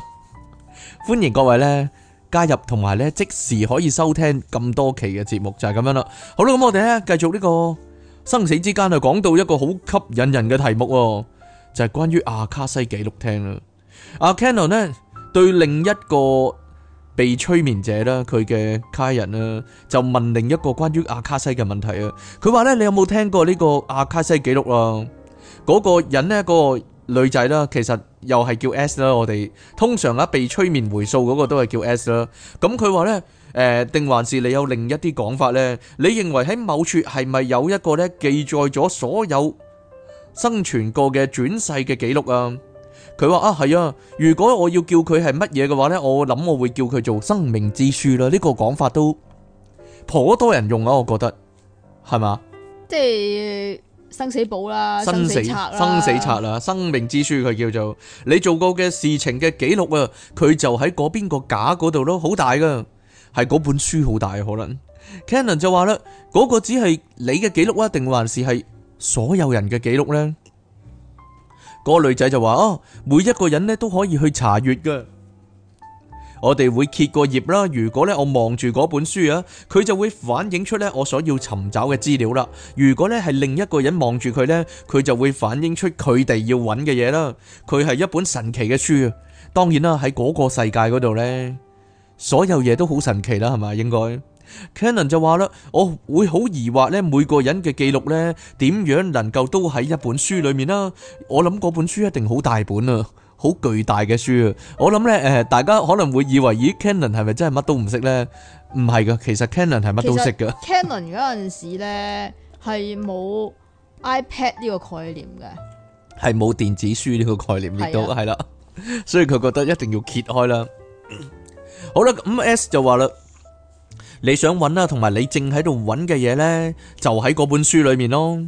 歡迎各位咧加入，同埋咧即時可以收聽咁多期嘅節目就係咁樣啦。好啦，咁我哋咧繼續呢個生死之間啊，講到一個好吸引人嘅題目，就係關於阿卡西記錄廳啦。阿 Canon 咧對另一個。被催眠者啦，佢嘅家人啦，就問另一個關於阿卡西嘅問題啊。佢話咧，你有冇聽過呢個阿卡西記錄啦？嗰個人咧，嗰個女仔啦，其實又係叫 S 啦。我哋通常啊，被催眠回溯嗰個都係叫 S 啦。咁佢話咧，誒，定還是你有另一啲講法咧？你認為喺某處係咪有一個咧記載咗所有生存過嘅轉世嘅記錄啊？佢話啊，係啊，如果我要叫佢係乜嘢嘅話呢，我諗我會叫佢做生命之書啦。呢、呢個講法都頗多人用啊，我覺得係嘛？即係生死簿啦，生死生死冊啦，生，生命之書佢叫做你做過嘅事情嘅記錄啊，佢就喺嗰邊個架嗰度咯，好大噶，係嗰本書好大可能。Kennen 就話啦，嗰、嗰個只係你嘅記錄啊，定還是係所有人嘅記錄呢？」嗰個女仔就話哦，每一個人咧都可以去查閱㗎，我哋會揭個頁啦。如果咧我望住嗰本書啊，佢就會反映出咧我所要尋找嘅資料啦。如果咧係另一個人望住佢咧，佢就會反映出佢哋要揾嘅嘢啦。佢係一本神奇嘅書啊，當然啦，喺嗰個世界嗰度咧，所有嘢都好神奇啦，係咪？應該。Canon 就話啦，我會好疑惑咧，每個人嘅記錄咧，點樣能夠都喺一本書裏面啦？我諗嗰本書一定好大本啊，好巨大嘅書啊！我諗咧，誒，大家可能會以為，咦，Canon 係咪真係乜都唔識咧？唔係噶，其實 Canon 係乜都識噶。Canon 嗰陣時咧，係冇 iPad 呢個概念嘅，係冇電子書呢個概念亦都係啦，所以佢覺得一定要揭開啦。好啦，咁 S 就話啦。你想揾啦，同埋你正喺度揾嘅嘢呢，就喺嗰本書裏面咯。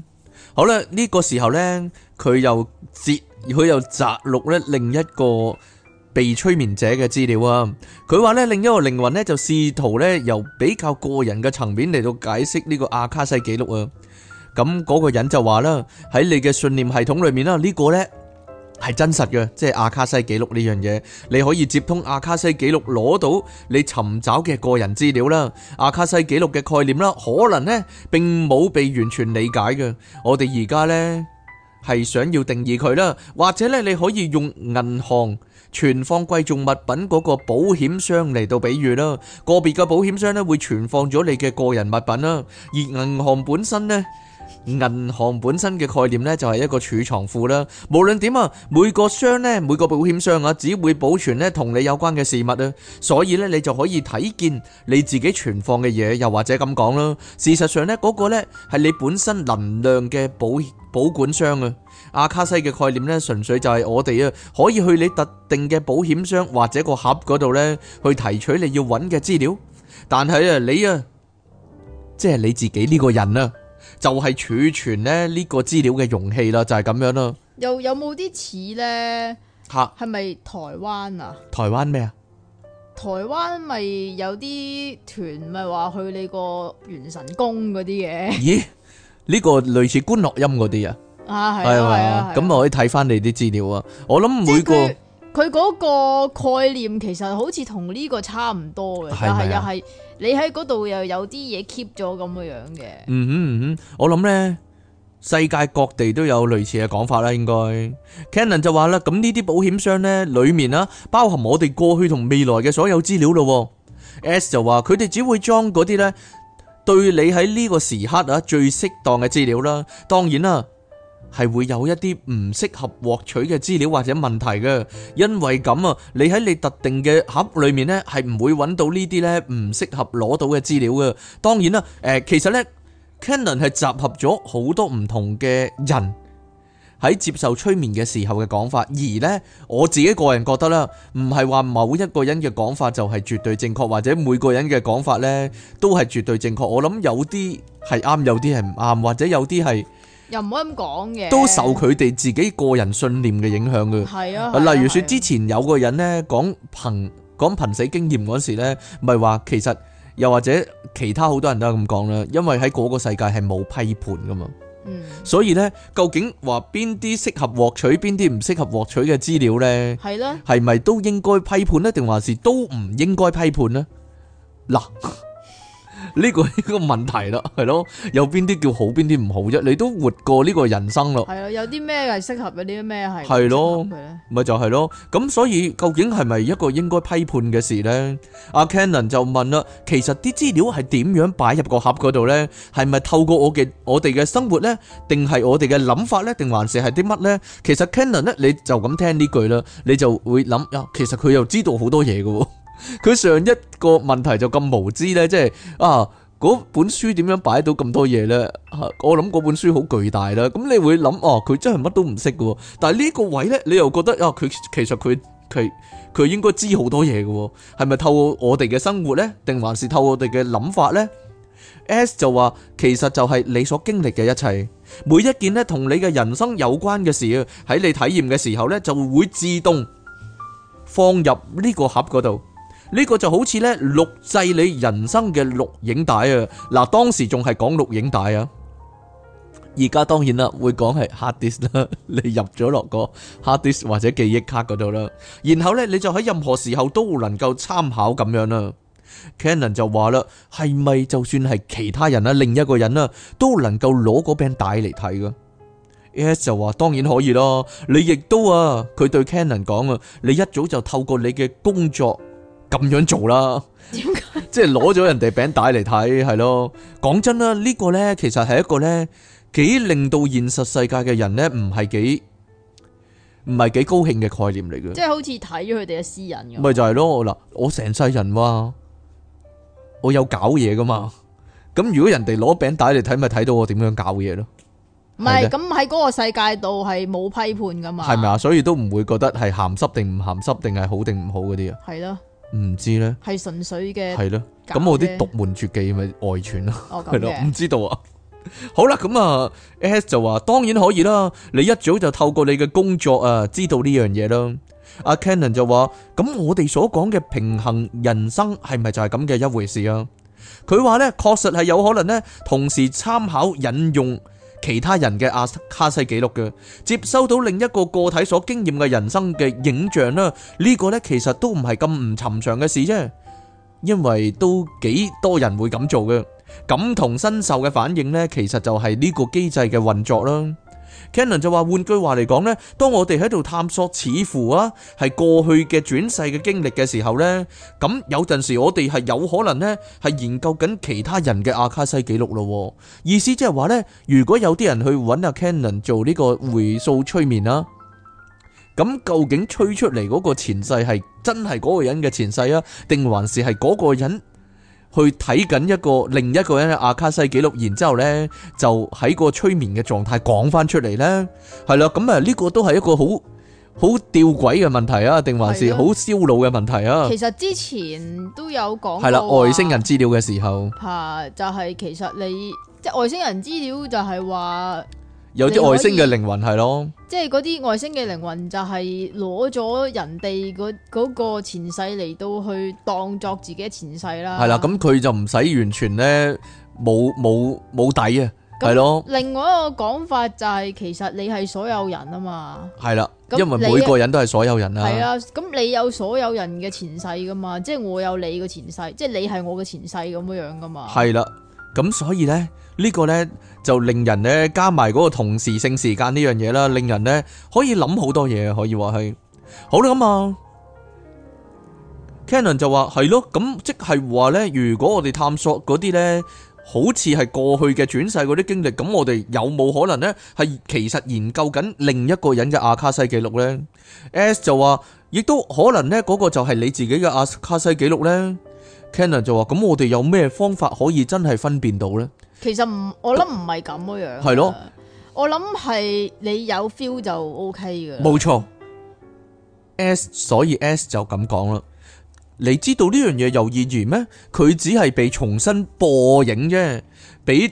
好啦，呢個時候呢，佢又摘，佢又摘錄呢另一個被催眠者嘅資料啊。佢話呢，另一個靈魂呢，就試圖呢由比較個人嘅層面嚟到解釋呢個阿卡西記錄啊。咁嗰個人就話啦，喺你嘅信念系統裏面啦，呢個呢。係真實嘅，即係阿卡西記錄呢樣嘢，你可以接通阿卡西記錄攞到你尋找嘅個人資料啦，阿卡西記錄嘅概念啦，可能呢並冇被完全理解嘅，我哋而家呢係想要定義佢啦，或者呢你可以用銀行存放貴重物品嗰個保險箱嚟到比喻啦，個別嘅保險箱呢會存放咗你嘅個人物品啦，而銀行本身呢。銀行本身嘅概念呢，就係一個儲藏庫啦，無論點啊，每個箱呢，每個保險箱啊，只會保存呢同你有關嘅事物啊，所以呢，你就可以睇見你自己存放嘅嘢，又或者咁講啦。事實上呢，嗰個呢係你本身能量嘅保保管箱啊。阿卡西嘅概念呢，純粹就係我哋啊可以去你特定嘅保險箱或者個盒嗰度呢，去提取你要揾嘅資料，但係啊你啊即係你自己呢個人啊。就係儲存咧呢個資料嘅容器啦，就係咁樣咯。又有冇啲似咧？吓，係咪台灣啊？台灣咩啊？台灣咪有啲團咪話去你個元神宮嗰啲嘢？咦，呢個類似觀落陰嗰啲啊？啊，係係係。咁我可以睇翻你啲資料啊。我諗每個。佢嗰個概念其實好似同呢個差唔多嘅，是是但係又係你喺嗰度又有啲嘢 keep 咗咁嘅樣嘅，嗯。嗯嗯嗯，我諗呢，世界各地都有類似嘅講法啦，應該。Cannon 就話啦，咁呢啲保險箱呢裡面啦，包含我哋過去同未來嘅所有資料咯。S 就話佢哋只會裝嗰啲呢，對你喺呢個時刻啊，最適當嘅資料啦。當然啦。係會有一啲唔適合獲取嘅資料或者問題嘅，因為咁啊，你喺你特定嘅盒裏面呢，係唔會揾到呢啲呢唔適合攞到嘅資料嘅。當然啦，誒、呃，其實呢 Canon 係集合咗好多唔同嘅人喺接受催眠嘅時候嘅講法，而呢，我自己個人覺得啦，唔係話某一個人嘅講法就係絕對正確，或者每個人嘅講法呢都係絕對正確。我諗有啲係啱，有啲係唔啱，或者有啲係。又唔好咁講嘅，都受佢哋自己個人信念嘅影響嘅。係啊，例如說之前有個人咧講憑講瀕死經驗嗰時咧，咪話其實又或者其他好多人都係咁講啦，因為喺嗰個世界係冇批判噶嘛。嗯，所以咧究竟話邊啲適合獲取邊啲唔適合獲取嘅資料咧？係啦，係咪都應該批判咧？定還是都唔應該批判咧？嗱。呢、這個呢、這個問題啦，係咯，有邊啲叫好，邊啲唔好啫？你都活過呢個人生咯。係咯，有啲咩係適合，有啲咩係，係咯，咪就係、是、咯。咁所以究竟係咪一個應該批判嘅事呢？阿 Cannon 就問啦，其實啲資料係點樣擺入個盒嗰度呢？係咪透過我嘅我哋嘅生活呢？定係我哋嘅諗法呢？定還是係啲乜呢？其實 Cannon 咧，你就咁聽呢句啦，你就會諗、哦，其實佢又知道好多嘢嘅喎。佢上一個問題就咁無知呢，即係啊嗰本書點樣擺到咁多嘢呢？啊、我諗嗰本書好巨大啦。咁你會諗哦，佢、啊、真係乜都唔識嘅。但係呢個位呢，你又覺得啊，佢其實佢佢佢應該知好多嘢嘅。係咪透過我哋嘅生活呢？定還是透過我哋嘅諗法呢？S 就話其實就係你所經歷嘅一切，每一件呢同你嘅人生有關嘅事啊，喺你體驗嘅時候呢，就會自動放入呢個盒嗰度。呢個就好似咧錄製你人生嘅錄影帶啊。嗱，當時仲係講錄影帶啊，而家當然、啊、啦，會講係 hard disk 啦。你入咗落個 hard disk 或者記憶卡嗰度啦，然後呢，你就喺任何時候都能夠參考咁樣啦、啊。Canon 就話啦，係咪就算係其他人啊，另一個人啊，都能夠攞嗰柄帶嚟睇噶？Yes 就話當然可以咯。你亦都啊，佢對 Cannon 講啊，你一早就透過你嘅工作。咁樣做啦，點解？即係攞咗人哋餅帶嚟睇，係咯。講真啦，呢個咧其實係一個咧幾令到現實世界嘅人咧唔係幾唔係幾高興嘅概念嚟嘅。即係好似睇咗佢哋嘅私隱咁。咪就係咯。嗱，我成世人哇，我有搞嘢噶嘛。咁如果人哋攞餅帶嚟睇，咪睇到我點樣搞嘢咯。唔係，咁喺嗰個世界度係冇批判噶嘛。係咪啊？所以都唔會覺得係咸濕定唔咸濕定係好定唔好嗰啲啊。係咯。唔知咧，係純粹嘅，係咯，咁我啲獨門絕技咪外傳咯，係咯，哦，唔知道啊。 好啦，咁啊，S 就話當然可以啦，你一早就透過你嘅工作啊，知道呢樣嘢啦。阿 Cannon 就話，咁我哋所講嘅平衡人生係咪就係咁嘅一回事啊？佢話咧，確實係有可能咧，同時參考引用，其他人嘅阿卡西記錄嘅，接收到另一個個體所經驗嘅人生嘅影像啦，呢個呢，其實都唔係咁唔尋常嘅事啫，因為都幾多人會咁做嘅，感同身受嘅反應呢，其實就係呢個機制嘅運作啦。Kenan 就話換句話嚟講呢，當我哋喺度探索似乎啊係過去嘅轉世嘅經歷嘅時候呢，咁有陣時我哋係有可能呢係研究緊其他人嘅阿卡西記錄咯。意思即係話呢，如果有啲人去揾阿 Kenan 做呢個回溯催眠啦，咁究竟催出嚟嗰個前世係真係嗰個人嘅前世啊，定還是係嗰個人？去睇緊一個另一個人嘅阿卡西記錄，然之後呢，就喺個催眠嘅狀態講翻出嚟呢係啦，咁啊呢個都係一個好好吊詭嘅問題啊，定還是好燒腦嘅問題啊？其實之前都有講，係啦，外星人資料嘅時候，係、啊、就係、是、其實你即係外星人資料就係話。有啲外星嘅靈魂係咯，即係嗰啲外星嘅靈魂就係攞咗人哋個嗰個前世嚟到去當作自己嘅前世啦。係啦，咁佢就唔使完全咧冇冇冇底啊，係咯。另外一個講法就係，其實你係所有人啊嘛。係啦，因為每個人都係所有人啊。係啊，咁你有所有人嘅前世噶嘛？即係我有你嘅前世，即係你係我嘅前世咁樣樣噶嘛？係啦。咁所以咧，呢個咧就令人咧加埋嗰個同時性時間呢樣嘢啦，令人咧可以諗好多嘢，可以話係好啦咁啊。Canon 就話係咯，咁即係話咧，如果我哋探索嗰啲咧，好似係過去嘅轉世嗰啲經歷，咁我哋有冇可能咧係其實研究緊另一個人嘅阿卡西記錄咧？S 就話，亦都可能咧嗰個就係你自己嘅阿卡西記錄咧。Ken 就話：咁我哋有咩方法可以真係分辨到呢？其實唔，我諗唔係咁嘅樣。係咯，我諗係你有 feel 就 OK 嘅。冇錯，S 所以 S 就咁講啦。你知道呢樣嘢有意義咩？佢只係被重新播映啫，俾。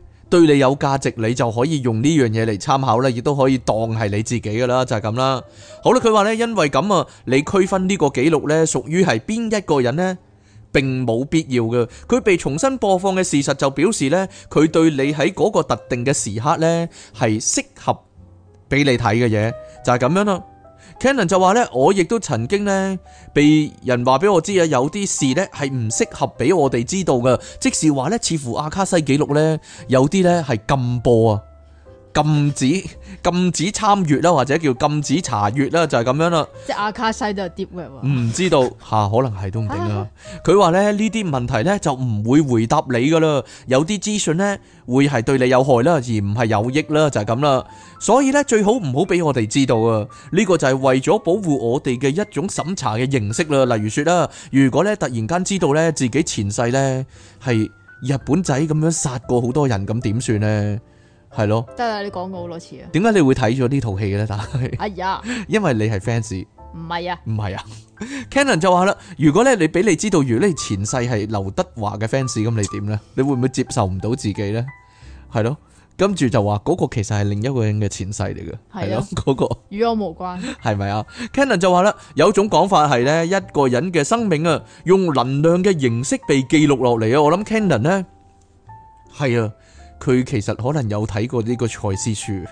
對你有價值，你就可以用呢樣嘢嚟參考啦，亦都可以當係你自己噶啦，就係咁啦。好啦，佢話咧，因為咁啊，你區分呢個記錄咧，屬於係邊一個人咧，並冇必要嘅。佢被重新播放嘅事實就表示咧，佢對你喺嗰個特定嘅時刻咧，係適合俾你睇嘅嘢，就係咁樣啦。Canon 就話咧，我亦都曾經咧，被人話俾我知啊，有啲事咧係唔適合俾我哋知道㗎，即是話咧，似乎阿卡西記錄咧，有啲咧係禁播啊。禁止禁止參閲啦，或者叫禁止查閲啦，就係咁樣啦。即係阿卡西就係 deep web，唔知道吓，可能係都唔定啦。佢話咧呢啲問題咧就唔會回答你噶啦，有啲資訊咧會係對你有害啦，而唔係有益啦，就係咁啦。所以咧最好唔好俾我哋知道啊！呢個就係為咗保護我哋嘅一種審查嘅形式啦。例如説啦，如果咧突然間知道咧自己前世咧係日本仔咁樣殺過好多人，咁點算呢？係咯，得啦，你講過好多次啊！點解你會睇咗呢套戲嘅咧？但係，哎呀，因為你係 fans，唔係啊，唔係啊，Canon 就話啦，如果咧你俾你知道，如果你前世係劉德華嘅 fans，咁你點咧？你會唔會接受唔到自己咧？係咯，跟住就話嗰個其實係另一個人嘅前世嚟嘅，係咯，嗰個與我無關，係咪啊？Canon 就話啦，有種講法係咧，一個人嘅生命啊，用能量嘅形式被記錄落嚟啊！我諗 Canon 咧，係啊。佢其實可能有睇過呢個《賽斯書》，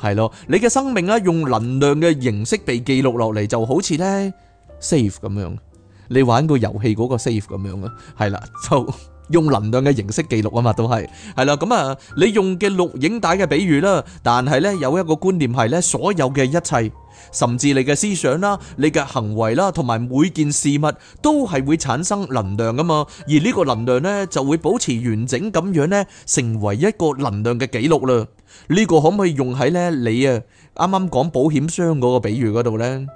係咯，你嘅生命咧，用能量嘅形式被記錄落嚟，就好似咧 save 咁樣，你玩個遊戲嗰個 save 咁樣咯，係啦，就用能量嘅形式記錄啊嘛，都係係啦，咁啊，你用嘅錄影帶嘅比喻啦，但係咧有一個觀念係咧，所有嘅一切。甚至你嘅思想啦、你嘅行為啦、同埋每件事物都係會產生能量噶嘛，而呢個能量咧就會保持完整咁樣咧，成為一個能量嘅記錄啦。呢個可唔可以用喺咧你啊啱啱講保險箱嗰個比喻嗰度咧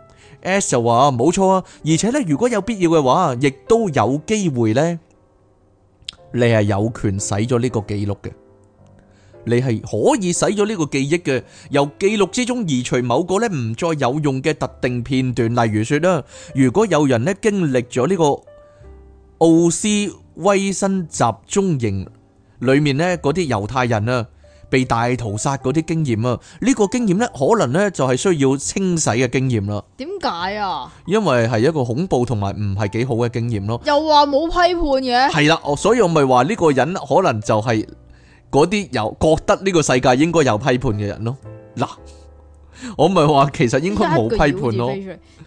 ？S 就話冇錯啊，而且咧如果有必要嘅話，亦都有機會咧，你係有權使咗呢個記錄嘅。你係可以使咗呢個記憶嘅，由記錄之中移除某個咧唔再有用嘅特定片段，例如說啦，如果有人咧經歷咗呢個奧斯威辛集中營裏面咧嗰啲猶太人啊被大屠殺嗰啲經驗啊，呢個經驗咧可能咧就係需要清洗嘅經驗啦。點解啊？因為係一個恐怖同埋唔係幾好嘅經驗咯。又話冇批判嘅。係啦，哦，所以我咪話呢個人可能就係。嗰啲有覺得呢個世界應該有批判嘅人咯，嗱，我唔係話其實應該冇批判咯，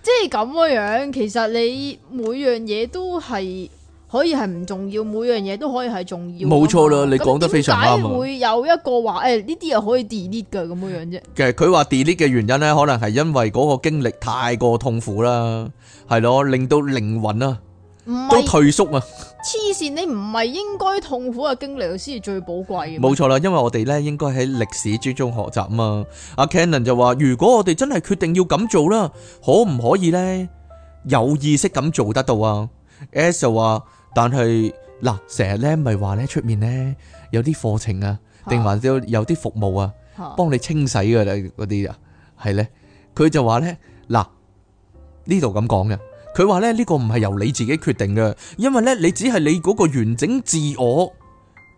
即係咁嘅樣，其實你每樣嘢都係可以係唔重要，每樣嘢都可以係重要，冇錯啦，你講得非常啱啊！會有一個話誒，呢啲又可以 delete 嘅咁嘅樣啫。其實佢話 delete 嘅原因咧，可能係因為嗰個經歷太過痛苦啦，係咯，令到靈魂啊。都退縮啊！黐線，你唔係應該痛苦嘅經歷先係最寶貴嘅。冇錯啦，因為我哋咧應該喺歷史之中學習啊嘛。阿 Cannon 就話：如果我哋真係決定要咁做啦，可唔可以咧有意識咁做得到啊？Ash 就話：但係嗱，成日咧咪話咧出面咧有啲課程啊，定還是有有啲服務啊，幫你清洗嘅咧嗰啲啊，係咧。佢就話咧嗱，呢度咁講嘅。佢話咧呢個唔係由你自己決定嘅，因為呢，你只係你嗰個完整自我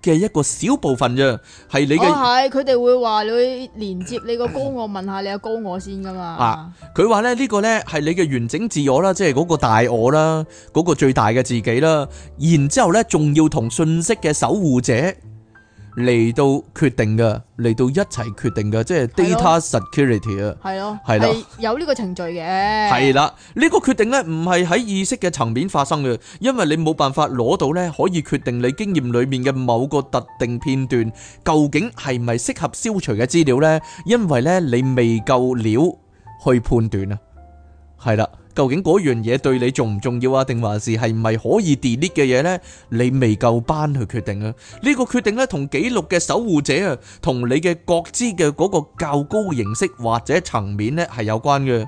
嘅一個小部分啫，係你嘅，係佢哋會話你會連接你個高我，問下你個高我先噶嘛，啊，佢話咧呢個呢，係你嘅完整自我啦，即係嗰個大我啦，嗰個最大嘅自己啦，然之後咧仲要同信息嘅守護者嚟到決定嘅，嚟到一齊決定嘅，即係 data security 啊的，係咯的，係啦，有呢個程序嘅，係啦，呢、呢個決定呢，唔係喺意識嘅層面發生嘅，因為你冇辦法攞到呢可以決定你經驗裏面嘅某個特定片段究竟係咪適合消除嘅資料呢？因為呢，你未夠料去判斷啊，係啦。究竟嗰樣嘢對你重唔重要啊？定還是係唔係可以 delete 嘅嘢呢？你未夠班去決定啊！呢個決定咧，同記錄嘅守護者啊，同你嘅覺知嘅嗰個較高嘅形式或者層面呢係有關嘅。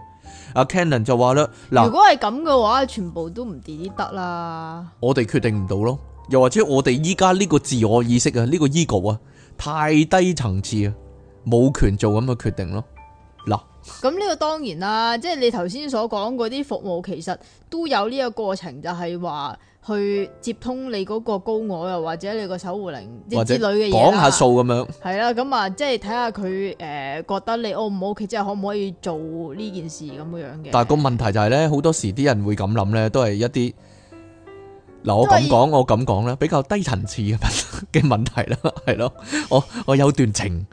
阿 Cannon 就話啦：嗱，如果係咁嘅話，全部都唔 delete 得啦。我哋決定唔到咯，又或者我哋依家呢個自我意識啊，呢個 ego 啊，太低層次啊，冇權做咁嘅決定咯。嗱。咁呢個當然啦，即係你頭先所講嗰啲服務，其實都有呢個過程，就係話去接通你嗰個高我，又或者你個守護靈之類嘅嘢講下數咁樣。係啦，咁啊，即係睇下佢誒覺得你 O 唔 OK，即係可唔可以做呢件事咁嘅樣嘅。但係個問題就係咧，好多時啲人會咁諗咧，都係一啲嗱是，我咁講，我咁講咧，比較低層次嘅問題啦，係 咯，我我有段情。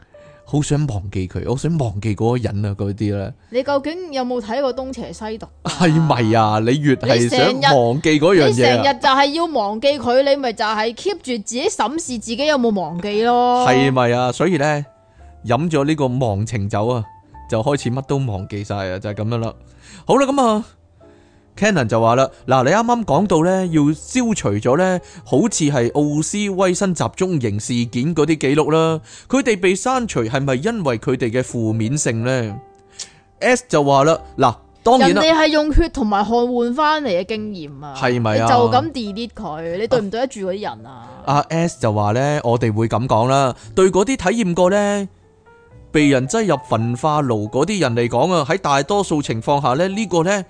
好想忘記佢，我想忘記嗰個人啊，嗰啲咧。你究竟有冇睇過東邪西毒？係咪啊，啊？你越係想忘記嗰樣嘢，啊，成日就係要忘記佢，你咪就係 keep 住自己審視自己有冇忘記咯。係咪 啊？所以咧，飲咗呢個忘情酒啊，就開始乜都忘記晒，就係，啊，就係咁樣啦。好啦，咁啊。Canon 就話啦，嗱，你啱啱講到咧，要消除咗咧，好似係奧斯威辛集中營事件嗰啲記錄啦，佢哋被刪除係咪因為佢哋嘅負面性呢？S 就話啦，嗱，當然啦，人哋係用血同埋汗換翻嚟嘅經驗啊，係咪啊？就咁 delete 佢，你對唔對得住嗰啲人啊？阿 S 就話咧，我哋會咁講啦，對嗰啲體驗過咧被人擠入焚化爐嗰啲人嚟講啊，喺大多數情況下咧呢個咧。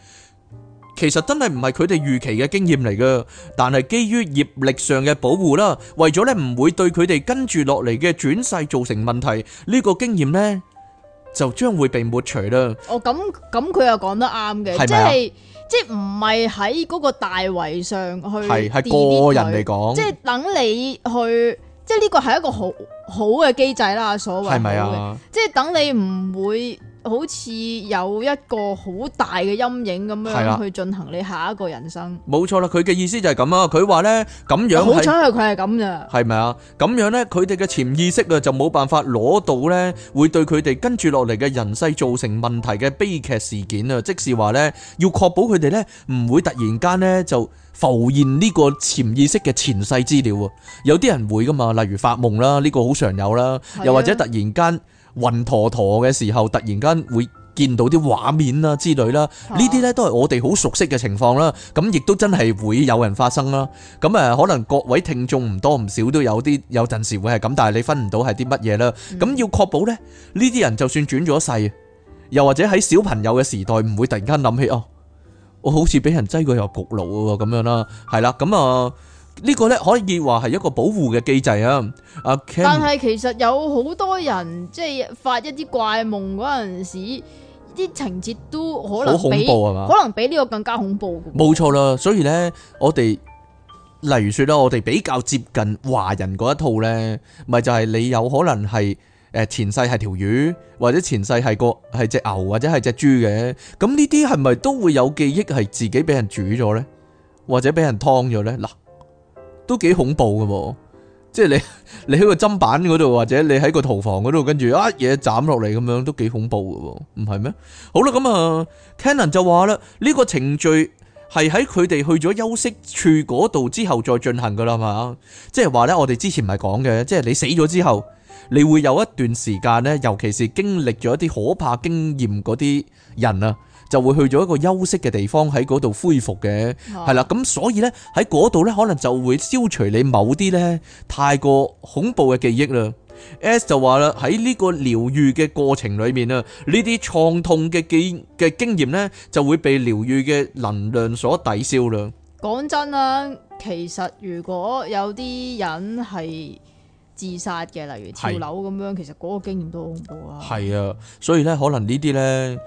其實真係唔係佢哋預期嘅經驗嚟㗎，但係基於業力上嘅保護啦，為咗咧唔會對佢哋跟住落嚟嘅轉世造成問題，呢個經驗呢就將會被抹除啦。哦，咁咁佢又講得啱嘅，即係即係唔係喺嗰個大圍上去，係係個人嚟講，即係等你去，即係呢個係一個好好嘅機制啦，所謂，係咪啊？即係等你唔會。好似有一個好大嘅陰影咁樣去進行你下一個人生，冇錯啦。佢嘅意思就係咁啊。佢話呢咁樣係，好彩佢係咁嘅，係咪啊？咁樣呢，佢哋嘅潛意識啊，就冇辦法攞到呢，會對佢哋跟住落嚟嘅人世造成問題嘅悲劇事件啊。即是話呢，要確保佢哋呢唔會突然間呢就浮現呢個潛意識嘅前世資料。有啲人會噶嘛，例如發夢啦，呢個好常有啦，又或者突然間。暈陀陀嘅時候，突然間會見到啲畫面啊之類啦，呢啲咧都係我哋好熟悉嘅情況啦。咁亦都真係會有人發生啦。咁誒，可能各位聽眾唔多唔少都有啲，有陣時會係咁，但係你分唔到係啲乜嘢啦。咁要確保咧，呢啲人就算轉咗世，又或者喺小朋友嘅時代，唔會突然間諗起哦，我好似俾人擠過入焗爐喎咁樣啦。係啦，咁啊。呢個咧可以話係一個保護嘅機制啊。但係其實有好多人即係發一啲怪夢嗰陣時，啲情節都可能好恐怖啊嘛，可能比呢個更加恐怖嘅。冇錯啦，所以咧，我哋例如說啦，我哋比較接近華人嗰一套咧，咪就係、是、你有可能係誒前世係條魚，或者前世係個係隻牛，或者係隻豬嘅。咁呢啲係咪都會有記憶係自己俾人煮咗咧，或者俾人燙咗咧嗱？都幾恐怖嘅喎、啊，即係你你喺個砧板嗰度，或者你喺個屠房嗰度，跟住一嘢斬落嚟咁樣，都幾恐怖嘅喎、啊，唔係咩？好啦，咁、嗯、啊，Cannon 就話啦，呢、呢個程序係喺佢哋去咗休息處嗰度之後再進行嘅啦，嘛。即係話呢，我哋之前唔係講嘅，即係你死咗之後，你會有一段時間呢，尤其是經歷咗一啲可怕經驗嗰啲人啊。就會去咗一個休息嘅地方，喺嗰度恢復嘅，係啦，咁所以呢，喺嗰度呢，可能就會消除你某啲呢，太過恐怖嘅記憶啦。S 就話啦，喺呢個療愈嘅過程裡面啊，呢啲創痛嘅記嘅經驗呢，就會被療愈嘅能量所抵消啦。講真啦，其實如果有啲人係自殺嘅，例如跳樓咁樣，其實嗰個經驗都好恐怖啊。係啊，所以呢可能呢啲呢。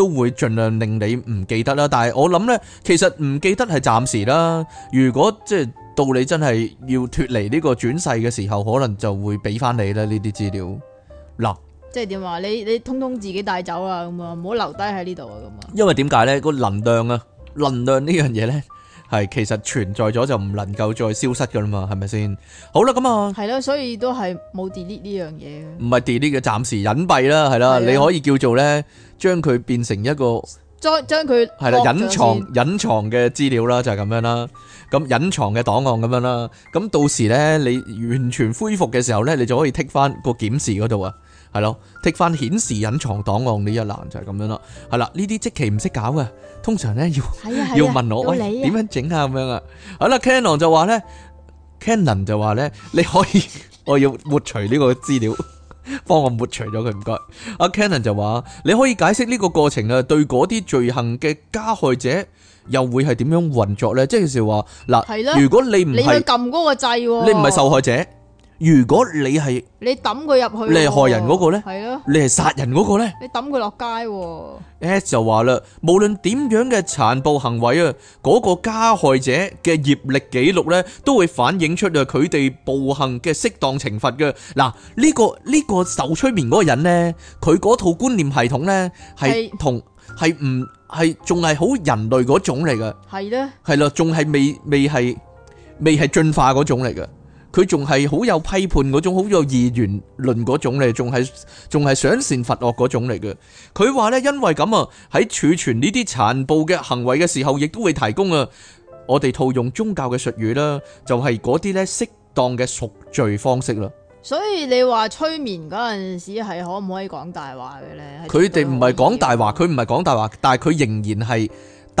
都會盡量令你唔記得啦，但係我諗呢，其實唔記得係暫時啦。如果即係到你真係要脫離呢個轉世嘅時候，可能就會俾翻你啦呢啲資料。嗱，即係點話？你你通通自己帶走啊，咁啊，唔好留低喺呢度啊，咁啊。因為點解呢？個能量啊，能量呢樣嘢呢。係，其實存在咗就唔能夠再消失噶啦嘛，係咪先？好啦，咁啊，係啦，所以都係冇 delete 呢樣嘢，唔係 delete 嘅，暫時隱蔽啦，係啦，的你可以叫做咧，將佢變成一個將將佢係啦隱藏隱藏嘅資料啦，就係咁樣啦。咁隱藏嘅檔案咁樣啦。咁到時咧，你完全恢復嘅時候咧，你就可以剔翻個檢視嗰度啊。係咯，剔翻顯示隱藏檔案呢一欄就係、是、咁樣咯。係啦，呢啲即期唔識搞嘅，通常咧要的要問我，喂，你點樣整啊咁樣啊。好啦，Canon 就話咧，Canon 就話咧， 你可以我要抹除呢個資料，幫我抹除咗佢唔該。阿、啊、Canon 就話，你可以解釋呢個過程啊，對嗰啲罪行嘅加害者又會係點樣運作咧？即係話嗱，的如果你唔係你去撳嗰個掣，你唔係受害者。如果你係你抌佢入去，你係害人嗰個咧，係咯，你係殺人嗰個咧，你抌佢落街喎。S 就話啦，無論點樣嘅殘暴行為啊，嗰個加害者嘅業力記錄咧，都會反映出啊佢哋暴行嘅適當懲罰嘅。嗱，呢個呢個受催眠嗰個人咧，佢嗰套觀念系統咧，係同係唔係仲係好人類嗰種嚟嘅？係咧，係咯，仲係未未係未係進化嗰種嚟嘅。佢仲係好有批判嗰種，好有二元論嗰種咧，仲係仲係想善罰惡嗰種嚟嘅。佢話呢，因為咁啊，喺儲存呢啲殘暴嘅行為嘅時候，亦都會提供啊，我哋套用宗教嘅術語啦，就係嗰啲呢適當嘅贖罪方式啦。所以你話催眠嗰陣時係可唔可以講大話嘅呢？佢哋唔係講大話，佢唔係講大話，但係佢仍然係。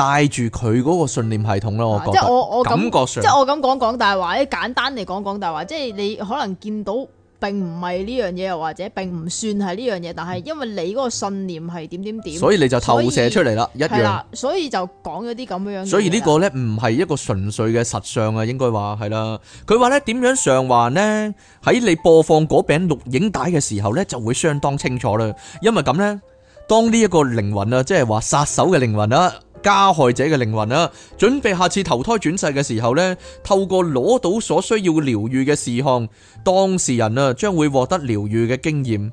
帶住佢嗰個信念系統咯，啊、我覺得，即我我感覺上，即係我咁講講大話，啲簡單嚟講講大話，即係你可能見到並唔係呢樣嘢，又或者並唔算係呢樣嘢，但係因為你嗰個信念係點點點，所以你就投射出嚟啦，以一樣，所以就講咗啲咁樣樣，所以呢個,個呢，唔係一個純粹嘅實相啊，應該話係啦。佢話呢點樣償還呢？喺你播放嗰餅錄影帶嘅時候呢，就會相當清楚啦。因為咁呢，當呢一個靈魂啊，即係話殺手嘅靈魂啦。加害者嘅靈魂啦，準備下次投胎轉世嘅時候呢，透過攞到所需要療癒嘅事項，當事人啊，將會獲得療癒嘅經驗。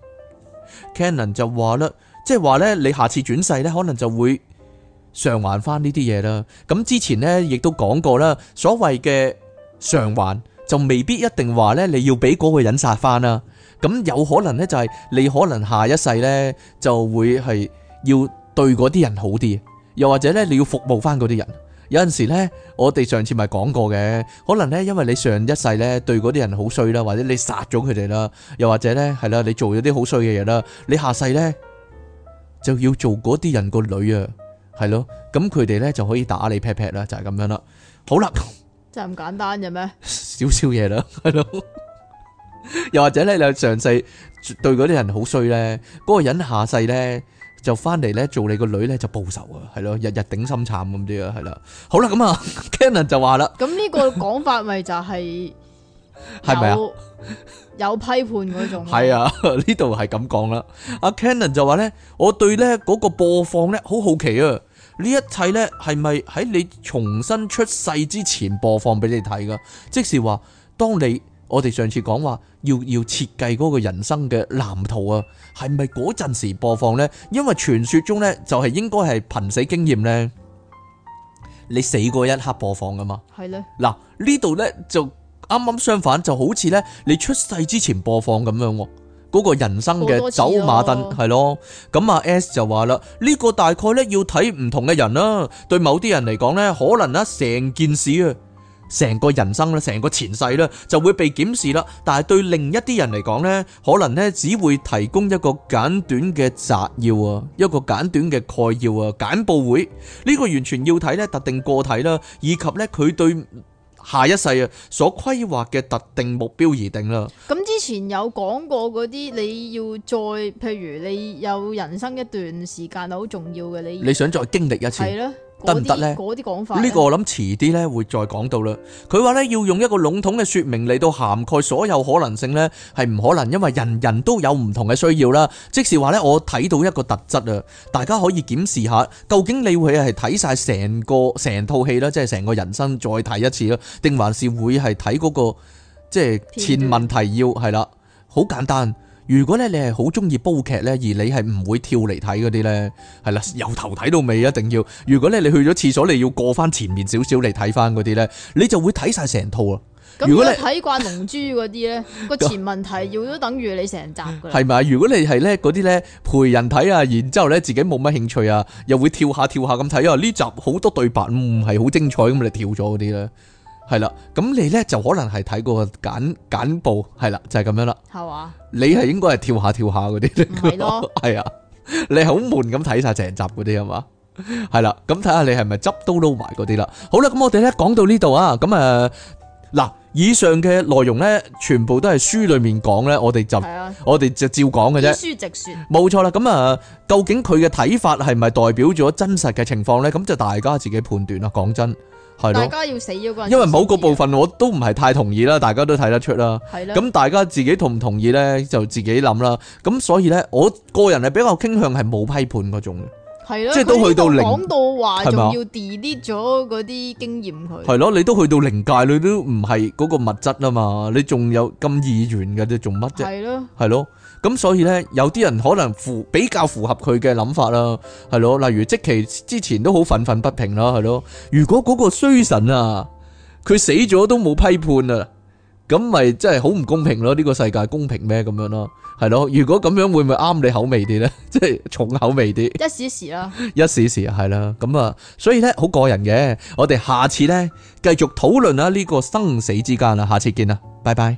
Canon 就話啦，即係話呢，你下次轉世呢，可能就會償還翻呢啲嘢啦。咁之前呢，亦都講過啦，所謂嘅償還就未必一定話呢，你要俾嗰個人殺翻啦。咁有可能呢，就係你可能下一世呢，就會係要對嗰啲人好啲。又或者咧，你要服務翻嗰啲人。有陣時咧，我哋上次咪講過嘅，可能咧，因為你上一世咧對嗰啲人好衰啦，或者你殺咗佢哋啦，又或者咧係啦，你做咗啲好衰嘅嘢啦，你下世咧就要做嗰啲人個女啊，係咯，咁佢哋咧就可以打你 pat pat 啦，就係咁樣啦。好啦，就咁簡單嘅咩？少少嘢啦，係咯。又或者咧，你上世對嗰啲人好衰咧，嗰個人下世咧。就翻嚟咧，做你個女咧，就報仇啊，係咯，日日頂心慘咁啲啊，係啦，好啦，咁啊，Cannon 就話啦，咁呢個講法咪就係，係咪啊，有批判嗰種，係啊，呢度係咁講啦，阿 Cannon 就話咧，我對咧嗰個播放咧好好奇啊，呢一切咧係咪喺你重新出世之前播放俾你睇噶？即是話，當你我哋上次講話。要要設計嗰個人生嘅藍圖啊，係咪嗰陣時播放咧？因為傳說中咧就係應該係瀕死經驗咧，你死過一刻播放噶嘛？係咧。嗱呢度咧就啱啱相反，就好似咧你出世之前播放咁樣，嗰個人生嘅走馬燈係咯。咁啊 S 就話啦，呢個大概咧要睇唔同嘅人啦，對某啲人嚟講咧，可能啊成件事啊。成個人生咧，成個前世咧，就會被檢視啦。但係對另一啲人嚟講咧，可能咧，只會提供一個簡短嘅摘要啊，一個簡短嘅概要啊，簡報會。呢個完全要睇咧特定個體啦，以及咧佢對下一世啊所規劃嘅特定目標而定啦。咁之前有講過嗰啲，你要再譬如你有人生一段時間係好重要嘅，你你想再經歷一次係啦。得唔得呢？嗰啲講法啊，呢個我諗遲啲咧會再講到啦。佢話咧要用一個籠統嘅説明嚟到涵蓋所有可能性呢，係唔可能，因為人人都有唔同嘅需要啦。即是話呢，我睇到一個特質啊，大家可以檢視下，究竟你會係睇晒成個成套戲啦，即係成個人生再睇一次咯，定還是會係睇嗰個即係前文提要係啦，好面簡單。如果咧你係好中意煲劇咧，而你係唔會跳嚟睇嗰啲咧，係啦，由頭睇到尾一定要。如果咧你去咗廁所，你要過翻前面少少嚟睇翻嗰啲咧，你就會睇晒成套啊。咁如果你睇慣龍珠嗰啲咧，個 前文提要都等於你成集嘅。係咪？如果你係咧嗰啲咧陪人睇啊，然之後咧自己冇乜興趣啊，又會跳下跳下咁睇啊，呢集好多對白唔係好精彩咁，你跳咗嗰啲咧。係啦，咁你咧就可能係睇過簡簡報，係啦，就係、是、咁樣啦。係嘛吧？你係應該係跳下跳下嗰啲。唔係咯，係啊，你好悶咁睇晒成集嗰啲係嘛？係啦，咁睇下你係咪執都撈埋嗰啲啦？好啦，咁我哋咧講到呢度啊，咁啊嗱，以上嘅內容咧，全部都係書裏面講咧，我哋就了我哋就照講嘅啫。書直說。冇錯啦，咁啊、呃，究竟佢嘅睇法係咪代表咗真實嘅情況咧？咁就大家自己判斷啦。講真。係咯，大家要死咗個人，因為某個部分我都唔係太同意啦，大家都睇得出啦。係啦的，咁大家自己同唔同意咧，就自己諗啦。咁所以咧，我個人係比較傾向係冇批判嗰種，係啦的，即係都去到零。講到話仲吧要 delete 咗嗰啲經驗，佢係咯，你都去到零界，你都唔係嗰個物質啊嘛，你仲有咁意願嘅，你做乜啫？係咯的，係咯。咁所以呢，有啲人可能符比較符合佢嘅諗法啦，係咯，例如即期之前都好憤憤不平啦，係咯。如果嗰個衰神啊，佢死咗都冇批判啊，咁咪真係好唔公平咯？呢、呢個世界公平咩？咁樣咯，係咯。如果咁樣會唔會啱你口味啲呢？即 係重口味啲，一時，時 一時啦，一時一時係啦。咁、嗯、啊，所以呢，好個人嘅，我哋下次呢，繼續討論下呢個生死之間啦，下次見啦，拜拜。